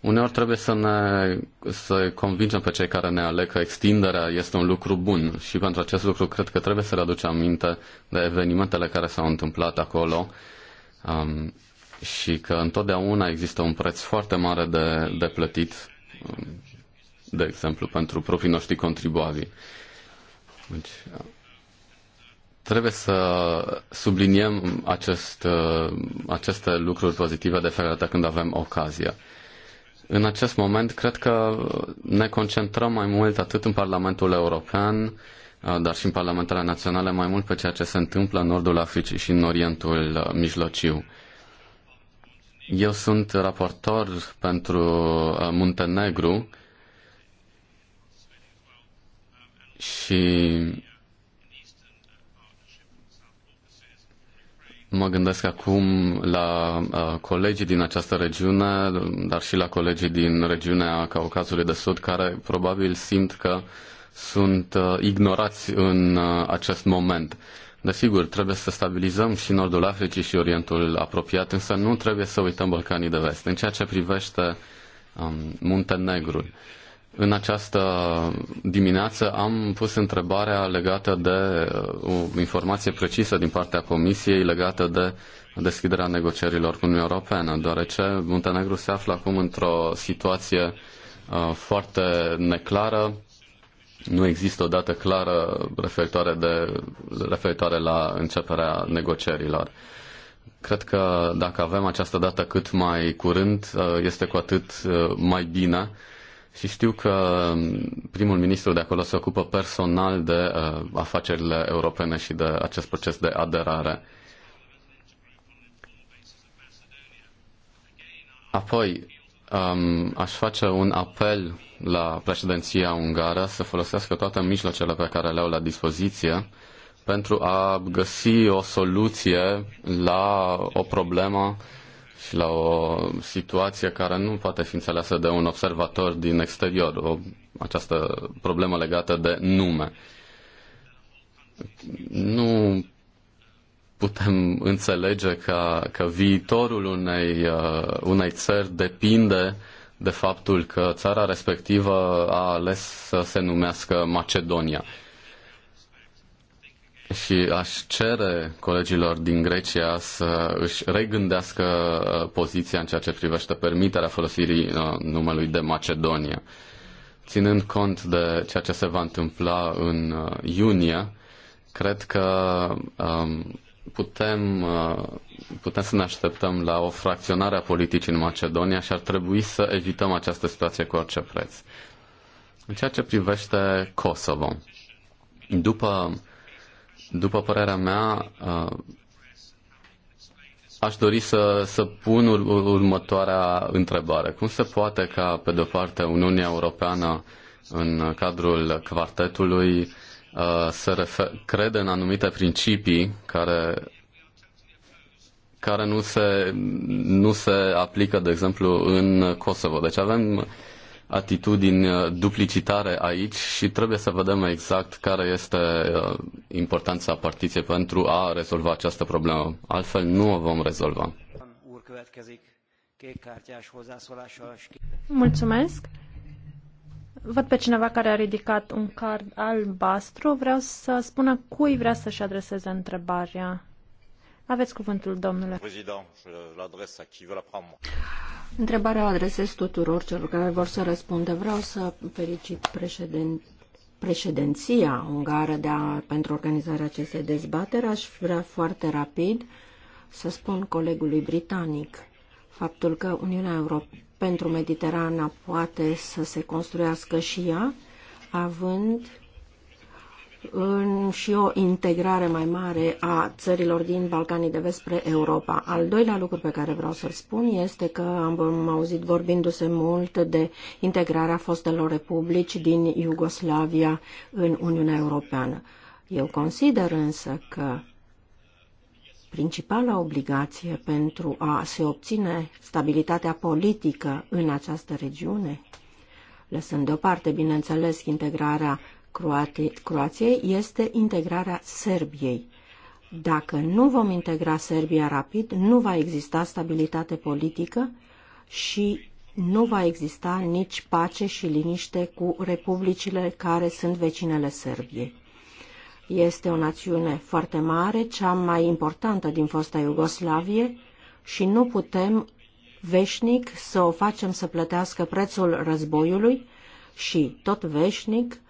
Uneori trebuie să ne să convingem pe cei care ne aleg că extinderea este un lucru bun și pentru acest lucru cred că trebuie să le aducem aminte de evenimentele care s-au întâmplat acolo um, și că întotdeauna există un preț foarte mare de, de plătit um, de exemplu, pentru proprii noștri contribuabili. Deci, trebuie să subliniem acest, aceste lucruri pozitive de fiecare când avem ocazia. În acest moment, cred că ne concentrăm mai mult atât în Parlamentul European, dar și în Parlamentele Naționale, mai mult pe ceea ce se întâmplă în Nordul Africii și în Orientul Mijlociu. Eu sunt raportor pentru Muntenegru și mă gândesc acum la colegii din această regiune, dar și la colegii din regiunea Caucazului de Sud, care probabil simt că sunt ignorați în acest moment. Desigur, trebuie să stabilizăm și Nordul Africii și Orientul apropiat, însă nu trebuie să uităm Balcanii de Vest. În ceea ce privește um, Muntenegrul, uh, în această dimineață am pus întrebarea legată de uh, o informație precisă din partea Comisiei legată de deschiderea negocierilor cu Uniunea Europeană, deoarece Muntenegru se află acum într-o situație uh, foarte neclară. Nu există o dată clară referitoare, de, referitoare la începerea negocierilor. Cred că dacă avem această dată cât mai curând, uh, este cu atât mai bine și știu că mm, primul ministru de acolo se ocupă personal de uh, afacerile europene și de acest proces de aderare. Apoi, um, aș face un apel la președinția ungară să folosească toate mijloacele pe care le au la dispoziție pentru a găsi o soluție la o problemă uh, și la o situație care nu poate fi înțeleasă de un observator din exterior, o, această problemă legată de nume. Nu putem înțelege că, că viitorul unei, uh, unei țări depinde de faptul că țara respectivă a ales să se numească Macedonia. Uh, și aș cere colegilor din Grecia să își regândească uh, poziția în ceea ce privește permiterea folosirii uh, numelui de Macedonia. Ținând cont de ceea ce se va întâmpla în uh, iunie, cred că um, putem, putem să ne așteptăm la o fracționare a politicii în Macedonia și ar trebui să evităm această situație cu orice preț. În ceea ce privește Kosovo, după după părerea mea, aș dori să, să pun următoarea întrebare. Cum se poate ca, pe de-o parte, Uniunea Europeană, în cadrul quartetului, să refer- crede în anumite principii care care nu se, nu se aplică, de exemplu, în Kosovo. Deci avem atitudini uh, duplicitare aici și trebuie să vedem exact care este uh, importanța partiției pentru a rezolva această problemă. Altfel nu o vom rezolva. Mulțumesc. Văd pe cineva care a ridicat un card albastru. Vreau să spună cui vrea să-și adreseze întrebarea. Aveți cuvântul, domnule. Întrebarea o adresez tuturor celor care vor să răspundă. Vreau să felicit președin, președinția ungară de a, pentru organizarea acestei dezbateri. Aș vrea foarte rapid să spun colegului britanic faptul că Uniunea Europeană pentru Mediterana poate să se construiască și ea, având în, și o integrare mai mare a țărilor din Balcanii de Vest spre Europa. Al doilea lucru pe care vreau să-l spun este că am auzit vorbindu-se mult de integrarea fostelor republici din Iugoslavia în Uniunea Europeană. Eu consider însă că principala obligație pentru a se obține stabilitatea politică în această regiune lăsând deoparte, bineînțeles, integrarea Croației este integrarea Serbiei. Dacă nu vom integra Serbia rapid, nu va exista stabilitate politică și nu va exista nici pace și liniște cu republicile care sunt vecinele Serbiei. Este o națiune foarte mare, cea mai importantă din fosta Iugoslavie și nu putem veșnic să o facem să plătească prețul războiului și tot veșnic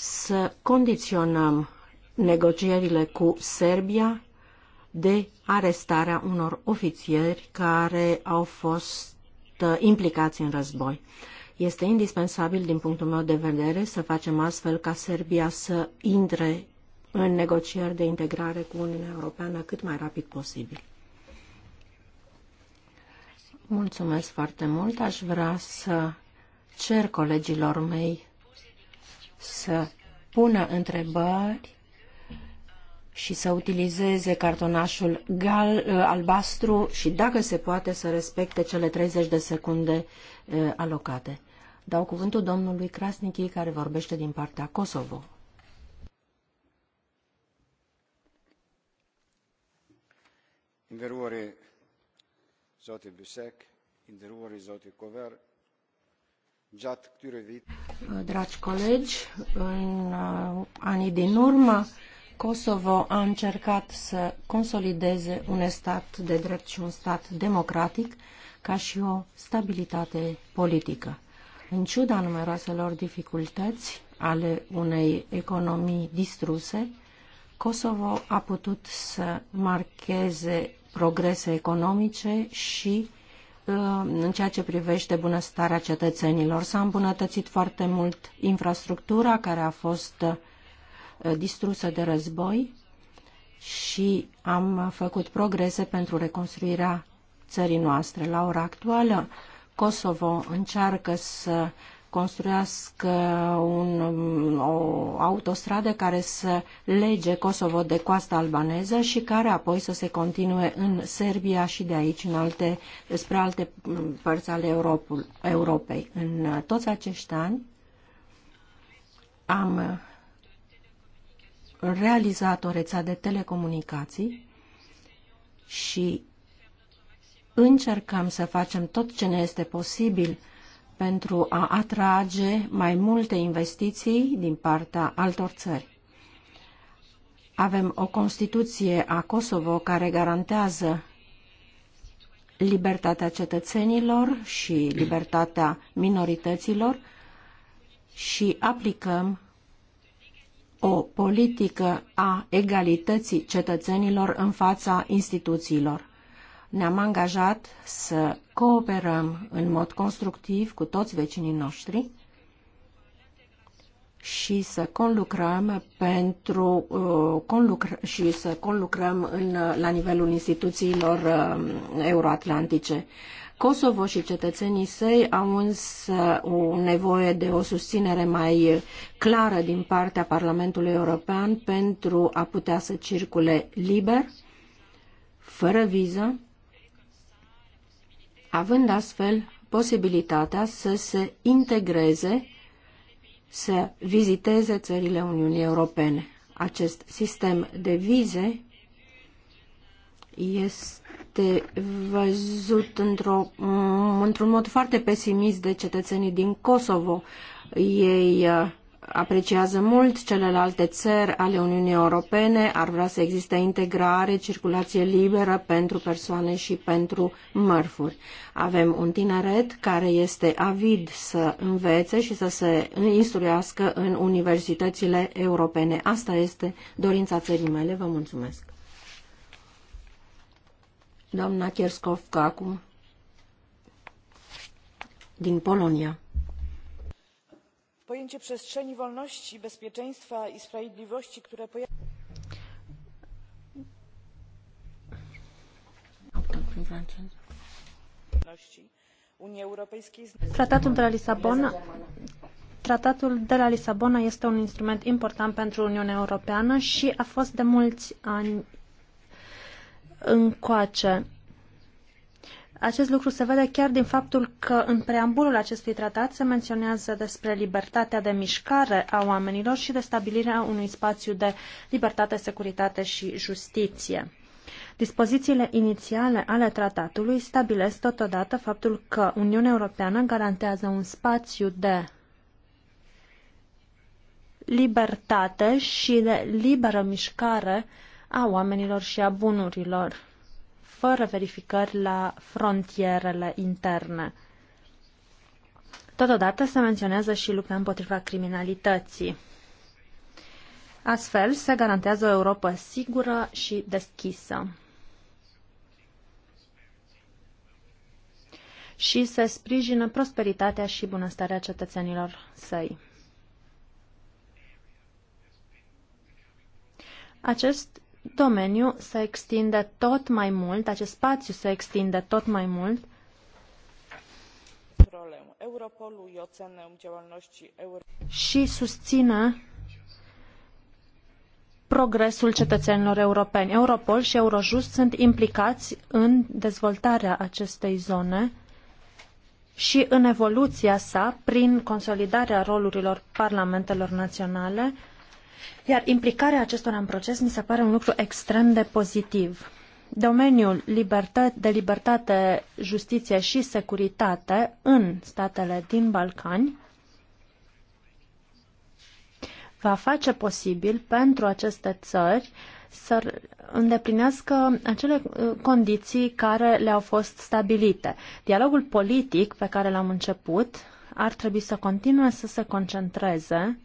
să condiționăm negocierile cu Serbia de arestarea unor ofițieri care au fost uh, implicați în război. Este indispensabil, din punctul meu de vedere, să facem astfel ca Serbia să intre în negocieri de integrare cu Uniunea Europeană cât mai rapid posibil. Mulțumesc foarte mult. Aș vrea să cer colegilor mei să pună întrebări și să utilizeze cartonașul gal, ă, albastru și, dacă se poate, să respecte cele 30 de secunde uh, alocate. Dau cuvântul domnului Krasnichi, care vorbește din partea Kosovo. Nderuari Zoti Bisek, nderuari Zoti Kover, Dragi colegi, în uh, anii din urmă, Kosovo a încercat să consolideze un stat de drept și un stat democratic ca și o stabilitate politică. În ciuda numeroaselor dificultăți ale unei economii distruse, Kosovo a putut să marcheze progrese economice și Uh, în ceea ce privește bunăstarea cetățenilor. S-a îmbunătățit foarte mult infrastructura care a fost uh, distrusă de război și am făcut progrese pentru reconstruirea țării noastre. La ora actuală, Kosovo încearcă să construiască un, o autostradă care să lege Kosovo de coasta albaneză și care apoi să se continue în Serbia și de aici în alte, spre alte părți ale Europul, Europei. În toți acești ani am realizat o rețea de telecomunicații și încercăm să facem tot ce ne este posibil pentru a atrage mai multe investiții din partea altor țări. Avem o Constituție a Kosovo care garantează libertatea cetățenilor și libertatea minorităților și aplicăm o politică a egalității cetățenilor în fața instituțiilor. Ne-am angajat să cooperăm în mod constructiv cu toți vecinii noștri și să conlucrăm pentru uh, conlucr și să conlucrăm în, uh, la nivelul instituțiilor uh, euroatlantice. Kosovo și cetățenii săi au însă o nevoie de o susținere mai clară din partea Parlamentului European pentru a putea să circule liber, fără viză, având astfel posibilitatea să se integreze, să viziteze țările Uniunii Europene. Acest sistem de vize este văzut într-un într mod foarte pesimist de cetățenii din Kosovo. Ei uh, apreciază mult celelalte țări ale Uniunii Europene, ar vrea să existe integrare, circulație liberă pentru persoane și pentru mărfuri. Avem un tineret care este avid să învețe și să se instruiască în universitățile europene. Asta este dorința țării mele. Vă mulțumesc. Doamna Kierskovka acum, din Polonia pojęcie przestrzeni wolności bezpieczeństwa i sprawiedliwości które pojawia się unii europejskiej tratatul de la lisabona Tratatul de la Lisabona este un instrument important pentru Uniunea Europeană și a fost de mulți ani încoace acest lucru se vede chiar din faptul că în preambulul acestui tratat se menționează despre libertatea de mișcare a oamenilor și de stabilirea unui spațiu de libertate, securitate și justiție. Dispozițiile inițiale ale tratatului stabilesc totodată faptul că Uniunea Europeană garantează un spațiu de libertate și de liberă mișcare a oamenilor și a bunurilor fără verificări la frontierele interne. Totodată se menționează și lupta împotriva criminalității. Astfel, se garantează o Europa sigură și deschisă. Și se sprijină prosperitatea și bunăstarea cetățenilor săi. Acest domeniu se extinde tot mai mult, acest spațiu se extinde tot mai mult. Și susține progresul cetățenilor europeni. Europol și Eurojust sunt implicați în dezvoltarea acestei zone și în evoluția sa prin consolidarea rolurilor parlamentelor naționale, iar implicarea acestora în proces mi se pare un lucru extrem de pozitiv. Domeniul de libertate, justiție și securitate în statele din Balcani va face posibil pentru aceste țări să îndeplinească acele uh, condiții care le-au fost stabilite. Dialogul politic pe care l-am început ar trebui să continue să se concentreze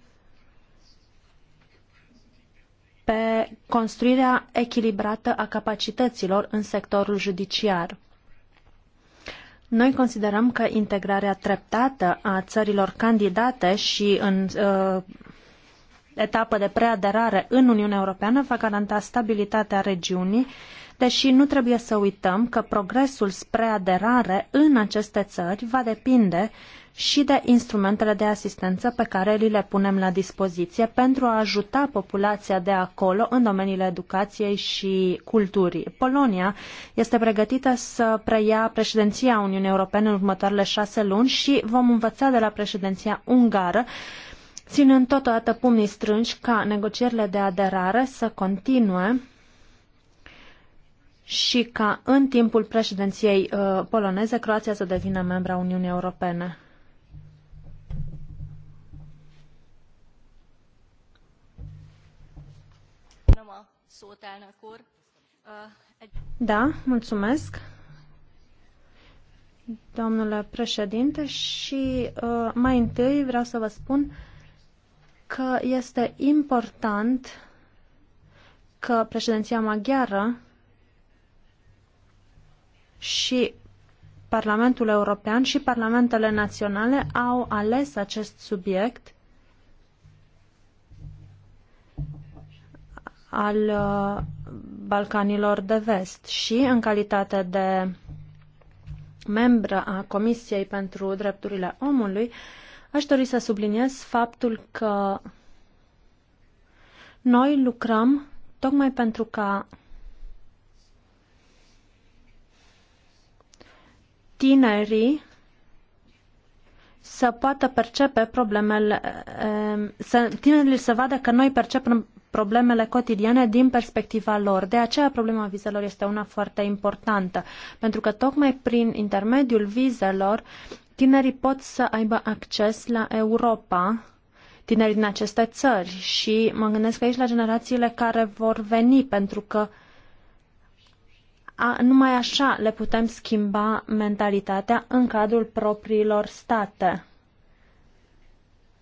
pe construirea echilibrată a capacităților în sectorul judiciar. Noi considerăm că integrarea treptată a țărilor candidate și în uh, etapă de preaderare în Uniunea Europeană va garanta stabilitatea regiunii, deși nu trebuie să uităm că progresul spre aderare în aceste țări va depinde și de instrumentele de asistență pe care li le punem la dispoziție pentru a ajuta populația de acolo în domeniile educației și culturii. Polonia este pregătită să preia președinția Uniunii Europene în următoarele șase luni și vom învăța de la președinția ungară ținând totodată pumnii strânși ca negocierile de aderare să continue și ca în timpul președinției uh, poloneze Croația să devină membra Uniunii Europene. Da, mulțumesc. Domnule președinte, și uh, mai întâi vreau să vă spun că este important că președinția maghiară și Parlamentul European și Parlamentele Naționale au ales acest subiect al uh, Balcanilor de Vest și în calitate de membră a Comisiei pentru Drepturile Omului, aș dori să subliniez faptul că noi lucrăm tocmai pentru ca tinerii să poată percepe problemele, eh, să, tinerii să vadă că noi percepem problemele cotidiene din perspectiva lor. De aceea problema vizelor este una foarte importantă, pentru că tocmai prin intermediul vizelor tinerii pot să aibă acces la Europa, tinerii din aceste țări și mă gândesc aici la generațiile care vor veni, pentru că uh, a, numai așa le putem schimba mentalitatea în cadrul propriilor state.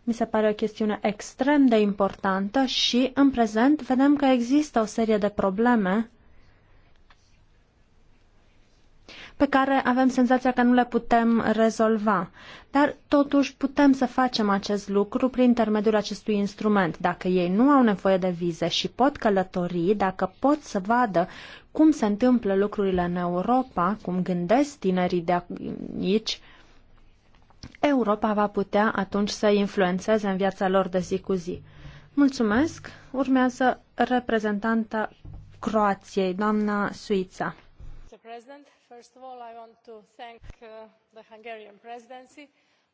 Mi se pare o chestiune extrem de importantă și, în prezent, vedem că există o serie de probleme pe care avem senzația că nu le putem rezolva. Dar totuși putem să facem acest lucru prin intermediul acestui instrument. Dacă ei nu au nevoie de vize și pot călători, dacă pot să vadă cum se întâmplă lucrurile în Europa, cum gândesc tinerii de aici, Europa va putea atunci să influențeze în viața lor de zi cu zi. Mulțumesc. Urmează reprezentanta Croației, doamna Suița first of all i want to thank uh, the hungarian presidency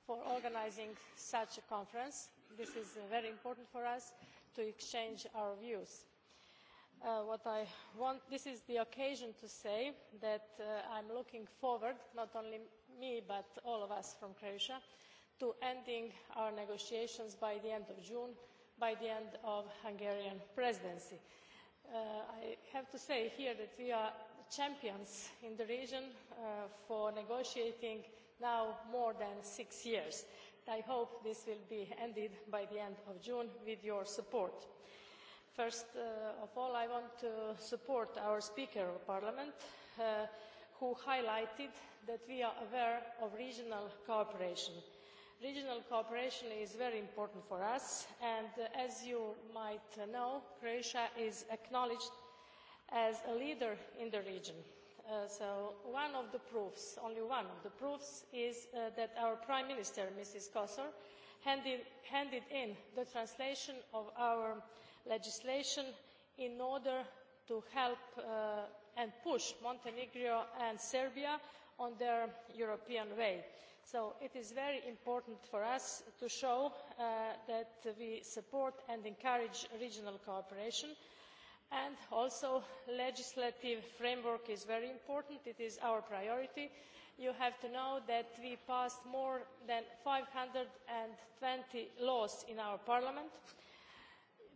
for organising such a conference. this is uh, very important for us to exchange our views. Uh, this is the occasion to say that I am looking forward not only me but all of us from croatia to ending our negotiations by the end of june by the end of the hungarian presidency. i have to say here that we are champions in the region uh, for negotiating now more than six years. i hope this will be ended by the end of june with your support. first uh, of all i want to support our speaker of parliament uh, who highlighted that we are aware of regional cooperation. regional cooperation is very important for us and as you might know croatia is acknowledged as a leader in the region. Uh, so one of the proofs, only one of the proofs, is uh, that our Prime Minister, Mrs. Kosor, handed, handed in the translation of our legislation in order to help uh, and push Montenegro and Serbia on their European way. So it is very important for us to show uh, that we support and encourage regional cooperation and also the legislative framework is very important it is our priority. you have to know that we passed more than five hundred and twenty laws in our parliament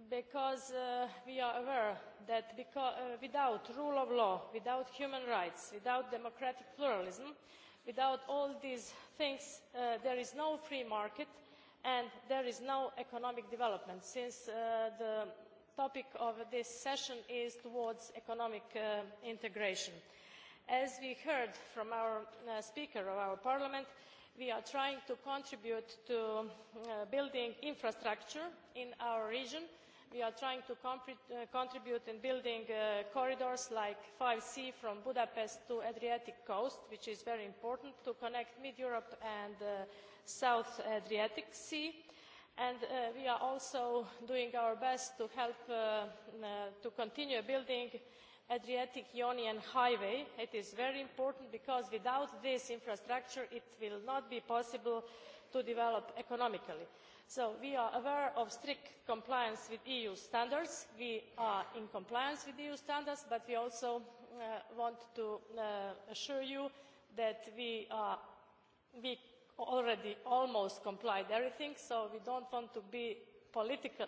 because uh, we are aware that uh, without the rule of law without human rights without democratic pluralism without all these things uh, there is no free market and there is no economic development since the topic of this session is towards economic uh, integration. as we heard from our uh, speaker of our parliament we are trying to contribute to uh, building infrastructure in our region. we are trying to uh, contribute in building uh, corridors like five c from budapest to the adriatic coast which is very important to connect mid europe and the uh, south adriatic sea and uh, we are also doing our best to help uh, uh, to continue building adriatic ionian highway. it is very important because without this infrastructure it will not be possible to develop economically. so we are aware of strict compliance with eu standards we are in compliance with eu standards but we also want to assure you that we, are, we already almost complied with everything so we do not want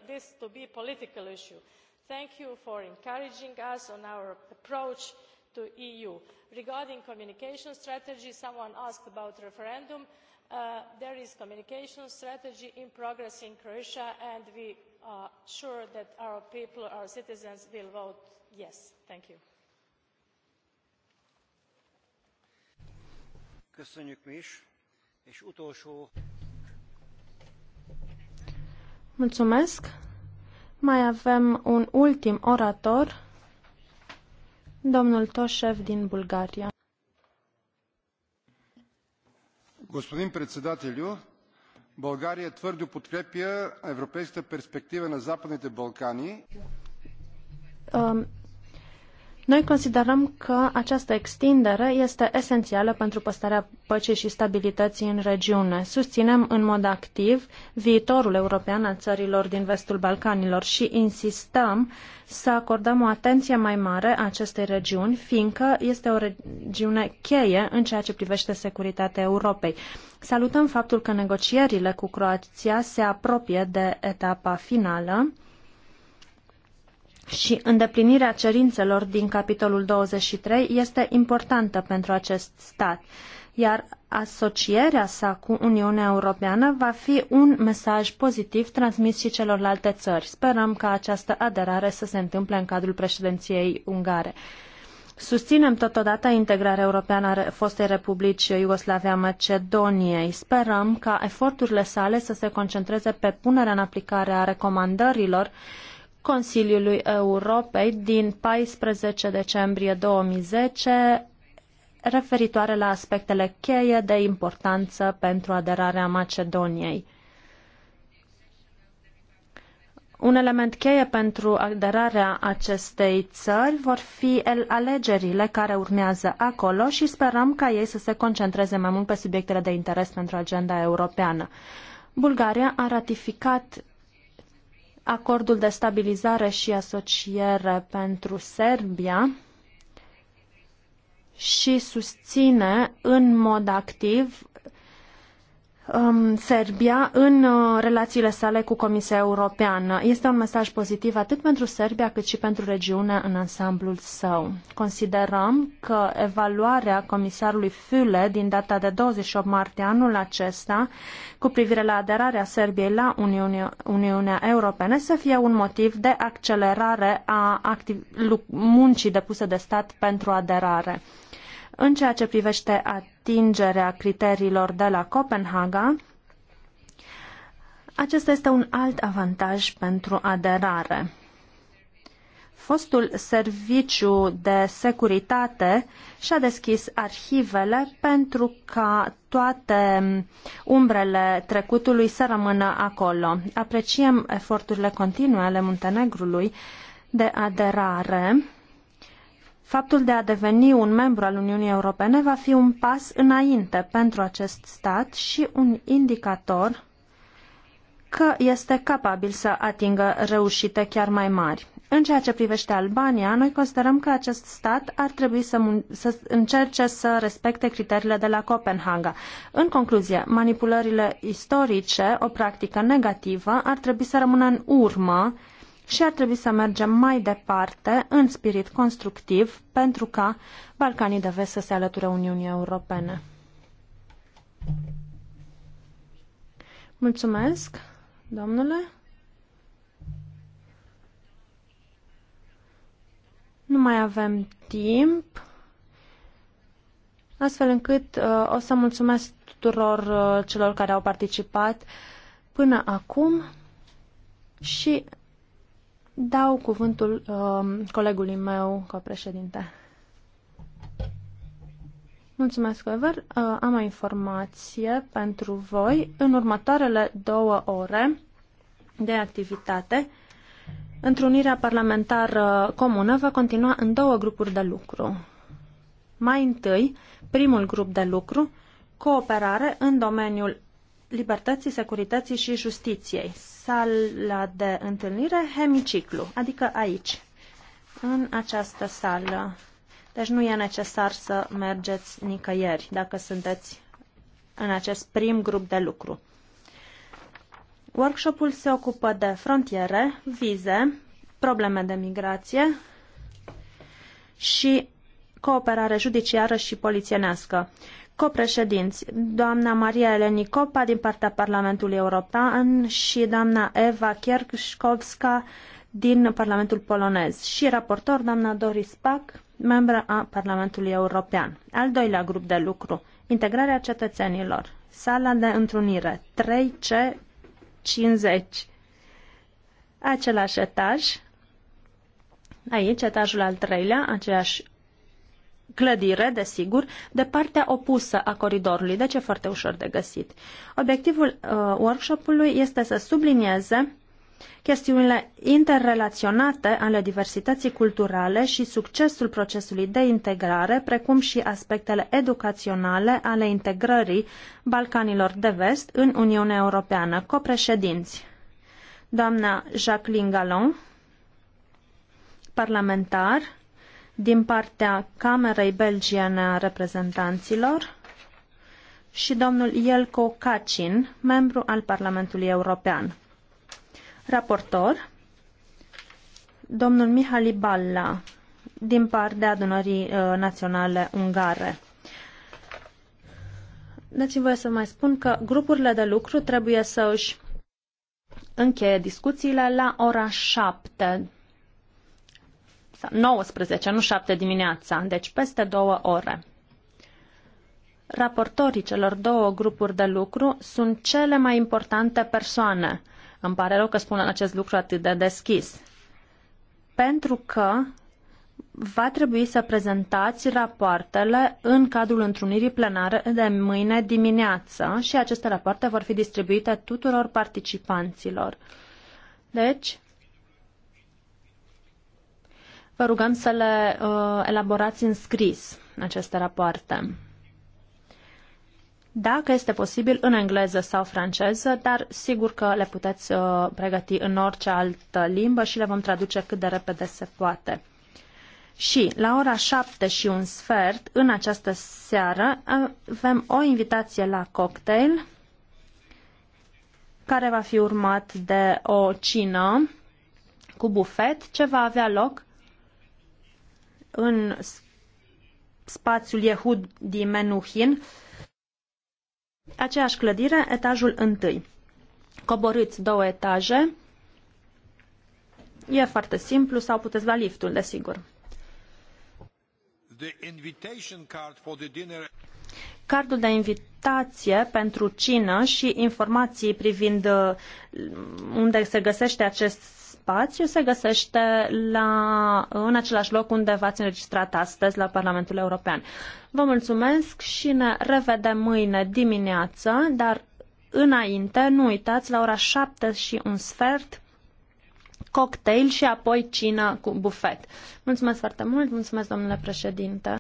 this to be a political issue. thank you for encouraging us on our approach to the eu. regarding the communication strategy someone asked about the referendum uh, there is a communication strategy in progress in croatia and we are sure that our people our citizens will vote yes'. thank you és utolsó... Mulțumesc. Mai avem un ultim orator, domnul Toșev din Bulgaria. Господин председателю, България твърдо подкрепя европейската перспектива на Западните Балкани. Um, noi considerăm că această extindere este esențială pentru păstrarea păcii și stabilității în regiune. Susținem în mod activ viitorul european al țărilor din vestul Balcanilor și insistăm să acordăm o atenție mai mare acestei regiuni, fiindcă este o regiune cheie în ceea ce privește securitatea Europei. Salutăm faptul că negocierile cu Croația se apropie de etapa finală și îndeplinirea cerințelor din capitolul 23 este importantă pentru acest stat, iar asocierea sa cu Uniunea Europeană va fi un mesaj pozitiv transmis și celorlalte țări. Sperăm ca această aderare să se întâmple în cadrul președinției ungare. Susținem totodată integrarea europeană a fostei Republici Iugoslavia Macedoniei. Sperăm ca eforturile sale să se concentreze pe punerea în aplicare a recomandărilor uh, Consiliului Europei din 14 decembrie 2010 referitoare la aspectele cheie de importanță pentru aderarea Macedoniei. Un element cheie pentru aderarea acestei țări vor fi alegerile care urmează acolo și sperăm ca ei să se concentreze mai mult pe subiectele de interes pentru agenda europeană. Bulgaria a ratificat acordul de stabilizare și asociere pentru Serbia și susține în mod activ um, Serbia în uh, relațiile sale cu Comisia Europeană. Este un mesaj pozitiv atât pentru Serbia cât și pentru regiune în ansamblul său. Considerăm că evaluarea comisarului Füle din data de 28 martie anul acesta cu privire la aderarea Serbiei la Uniune, Uniunea Europeană să fie un motiv de accelerare a activ- muncii depuse de stat pentru aderare. În ceea ce privește atingerea criteriilor de la Copenhaga, acesta este un alt avantaj pentru aderare. Fostul serviciu de securitate și-a deschis arhivele pentru ca toate umbrele trecutului să rămână acolo. Apreciem eforturile continue ale Muntenegrului de aderare Faptul de a deveni un membru al Uniunii Europene va fi un pas înainte pentru acest stat și un indicator că este capabil să atingă reușite chiar mai mari. În ceea ce privește Albania, noi considerăm că acest stat ar trebui să, să încerce să respecte criteriile de la Copenhaga. În concluzie, manipulările istorice, o practică negativă, ar trebui să rămână în urmă și ar trebui să mergem mai departe în spirit constructiv pentru ca Balcanii de Vest să se alăture Uniunii Europene. Mulțumesc, domnule. Nu mai avem timp, astfel încât uh, o să mulțumesc tuturor uh, celor care au participat până acum și Dau cuvântul uh, colegului meu ca președinte. Mulțumesc, Ever. Uh, am o informație pentru voi. În următoarele două ore de activitate, întrunirea parlamentară comună va continua în două grupuri de lucru. Mai întâi, primul grup de lucru, cooperare în domeniul libertății, securității și justiției. Sala de întâlnire, hemiciclu, adică aici, în această sală. Deci nu e necesar să mergeți nicăieri dacă sunteți în acest prim grup de lucru. Workshopul se ocupă de frontiere, vize, probleme de migrație și cooperare judiciară și polițienească copreședinți, doamna Maria Eleni Copa din partea Parlamentului European și doamna Eva Kierkowska din Parlamentul polonez și raportor doamna Doris Pack, membră a Parlamentului European. Al doilea grup de lucru, integrarea cetățenilor, sala de întrunire 3C50, același etaj, aici etajul al treilea, aceeași clădire, desigur, de partea opusă a coridorului, deci e foarte ușor de găsit. Obiectivul uh, workshopului este să sublinieze chestiunile interrelaționate ale diversității culturale și succesul procesului de integrare, precum și aspectele educaționale ale integrării Balcanilor de Vest în Uniunea Europeană. Copreședinți, doamna Jacqueline Galon, parlamentar, din partea Camerei Belgiene a Reprezentanților și domnul Ielko Kacin, membru al Parlamentului European. Raportor, domnul Mihali Balla, din partea adunării uh, naționale ungare. Dați-mi voie să mai spun că grupurile de lucru trebuie să își încheie discuțiile la ora 7 dimineața, 19, nu 7 dimineața, deci peste două ore. Raportorii celor două grupuri de lucru sunt cele mai importante persoane. Îmi pare rău că spun acest lucru atât de deschis. Pentru că va trebui să prezentați rapoartele în cadrul întrunirii plenare de mâine dimineață și aceste rapoarte vor fi distribuite tuturor participanților. Deci, Vă rugăm să le uh, elaborați în scris aceste rapoarte. Dacă este posibil, în engleză sau franceză, dar sigur că le puteți uh, pregăti în orice altă limbă și le vom traduce cât de repede se poate. Și la ora 7 și un sfert, în această seară, avem o invitație la cocktail, care va fi urmat de o cină cu bufet, ce va avea loc în spațiul Yehud din Menuhin, aceeași clădire, etajul întâi. Coborâți două etaje, e foarte simplu sau puteți la liftul, desigur. Cardul de invitație pentru cină și informații privind uh, unde se găsește acest spațiu se găsește la, în același loc unde v-ați înregistrat astăzi la Parlamentul European. Vă mulțumesc și ne revedem mâine dimineață, dar înainte, nu uitați, la ora 7 și un sfert, cocktail și apoi cină cu bufet. Mulțumesc foarte mult, mulțumesc domnule președinte.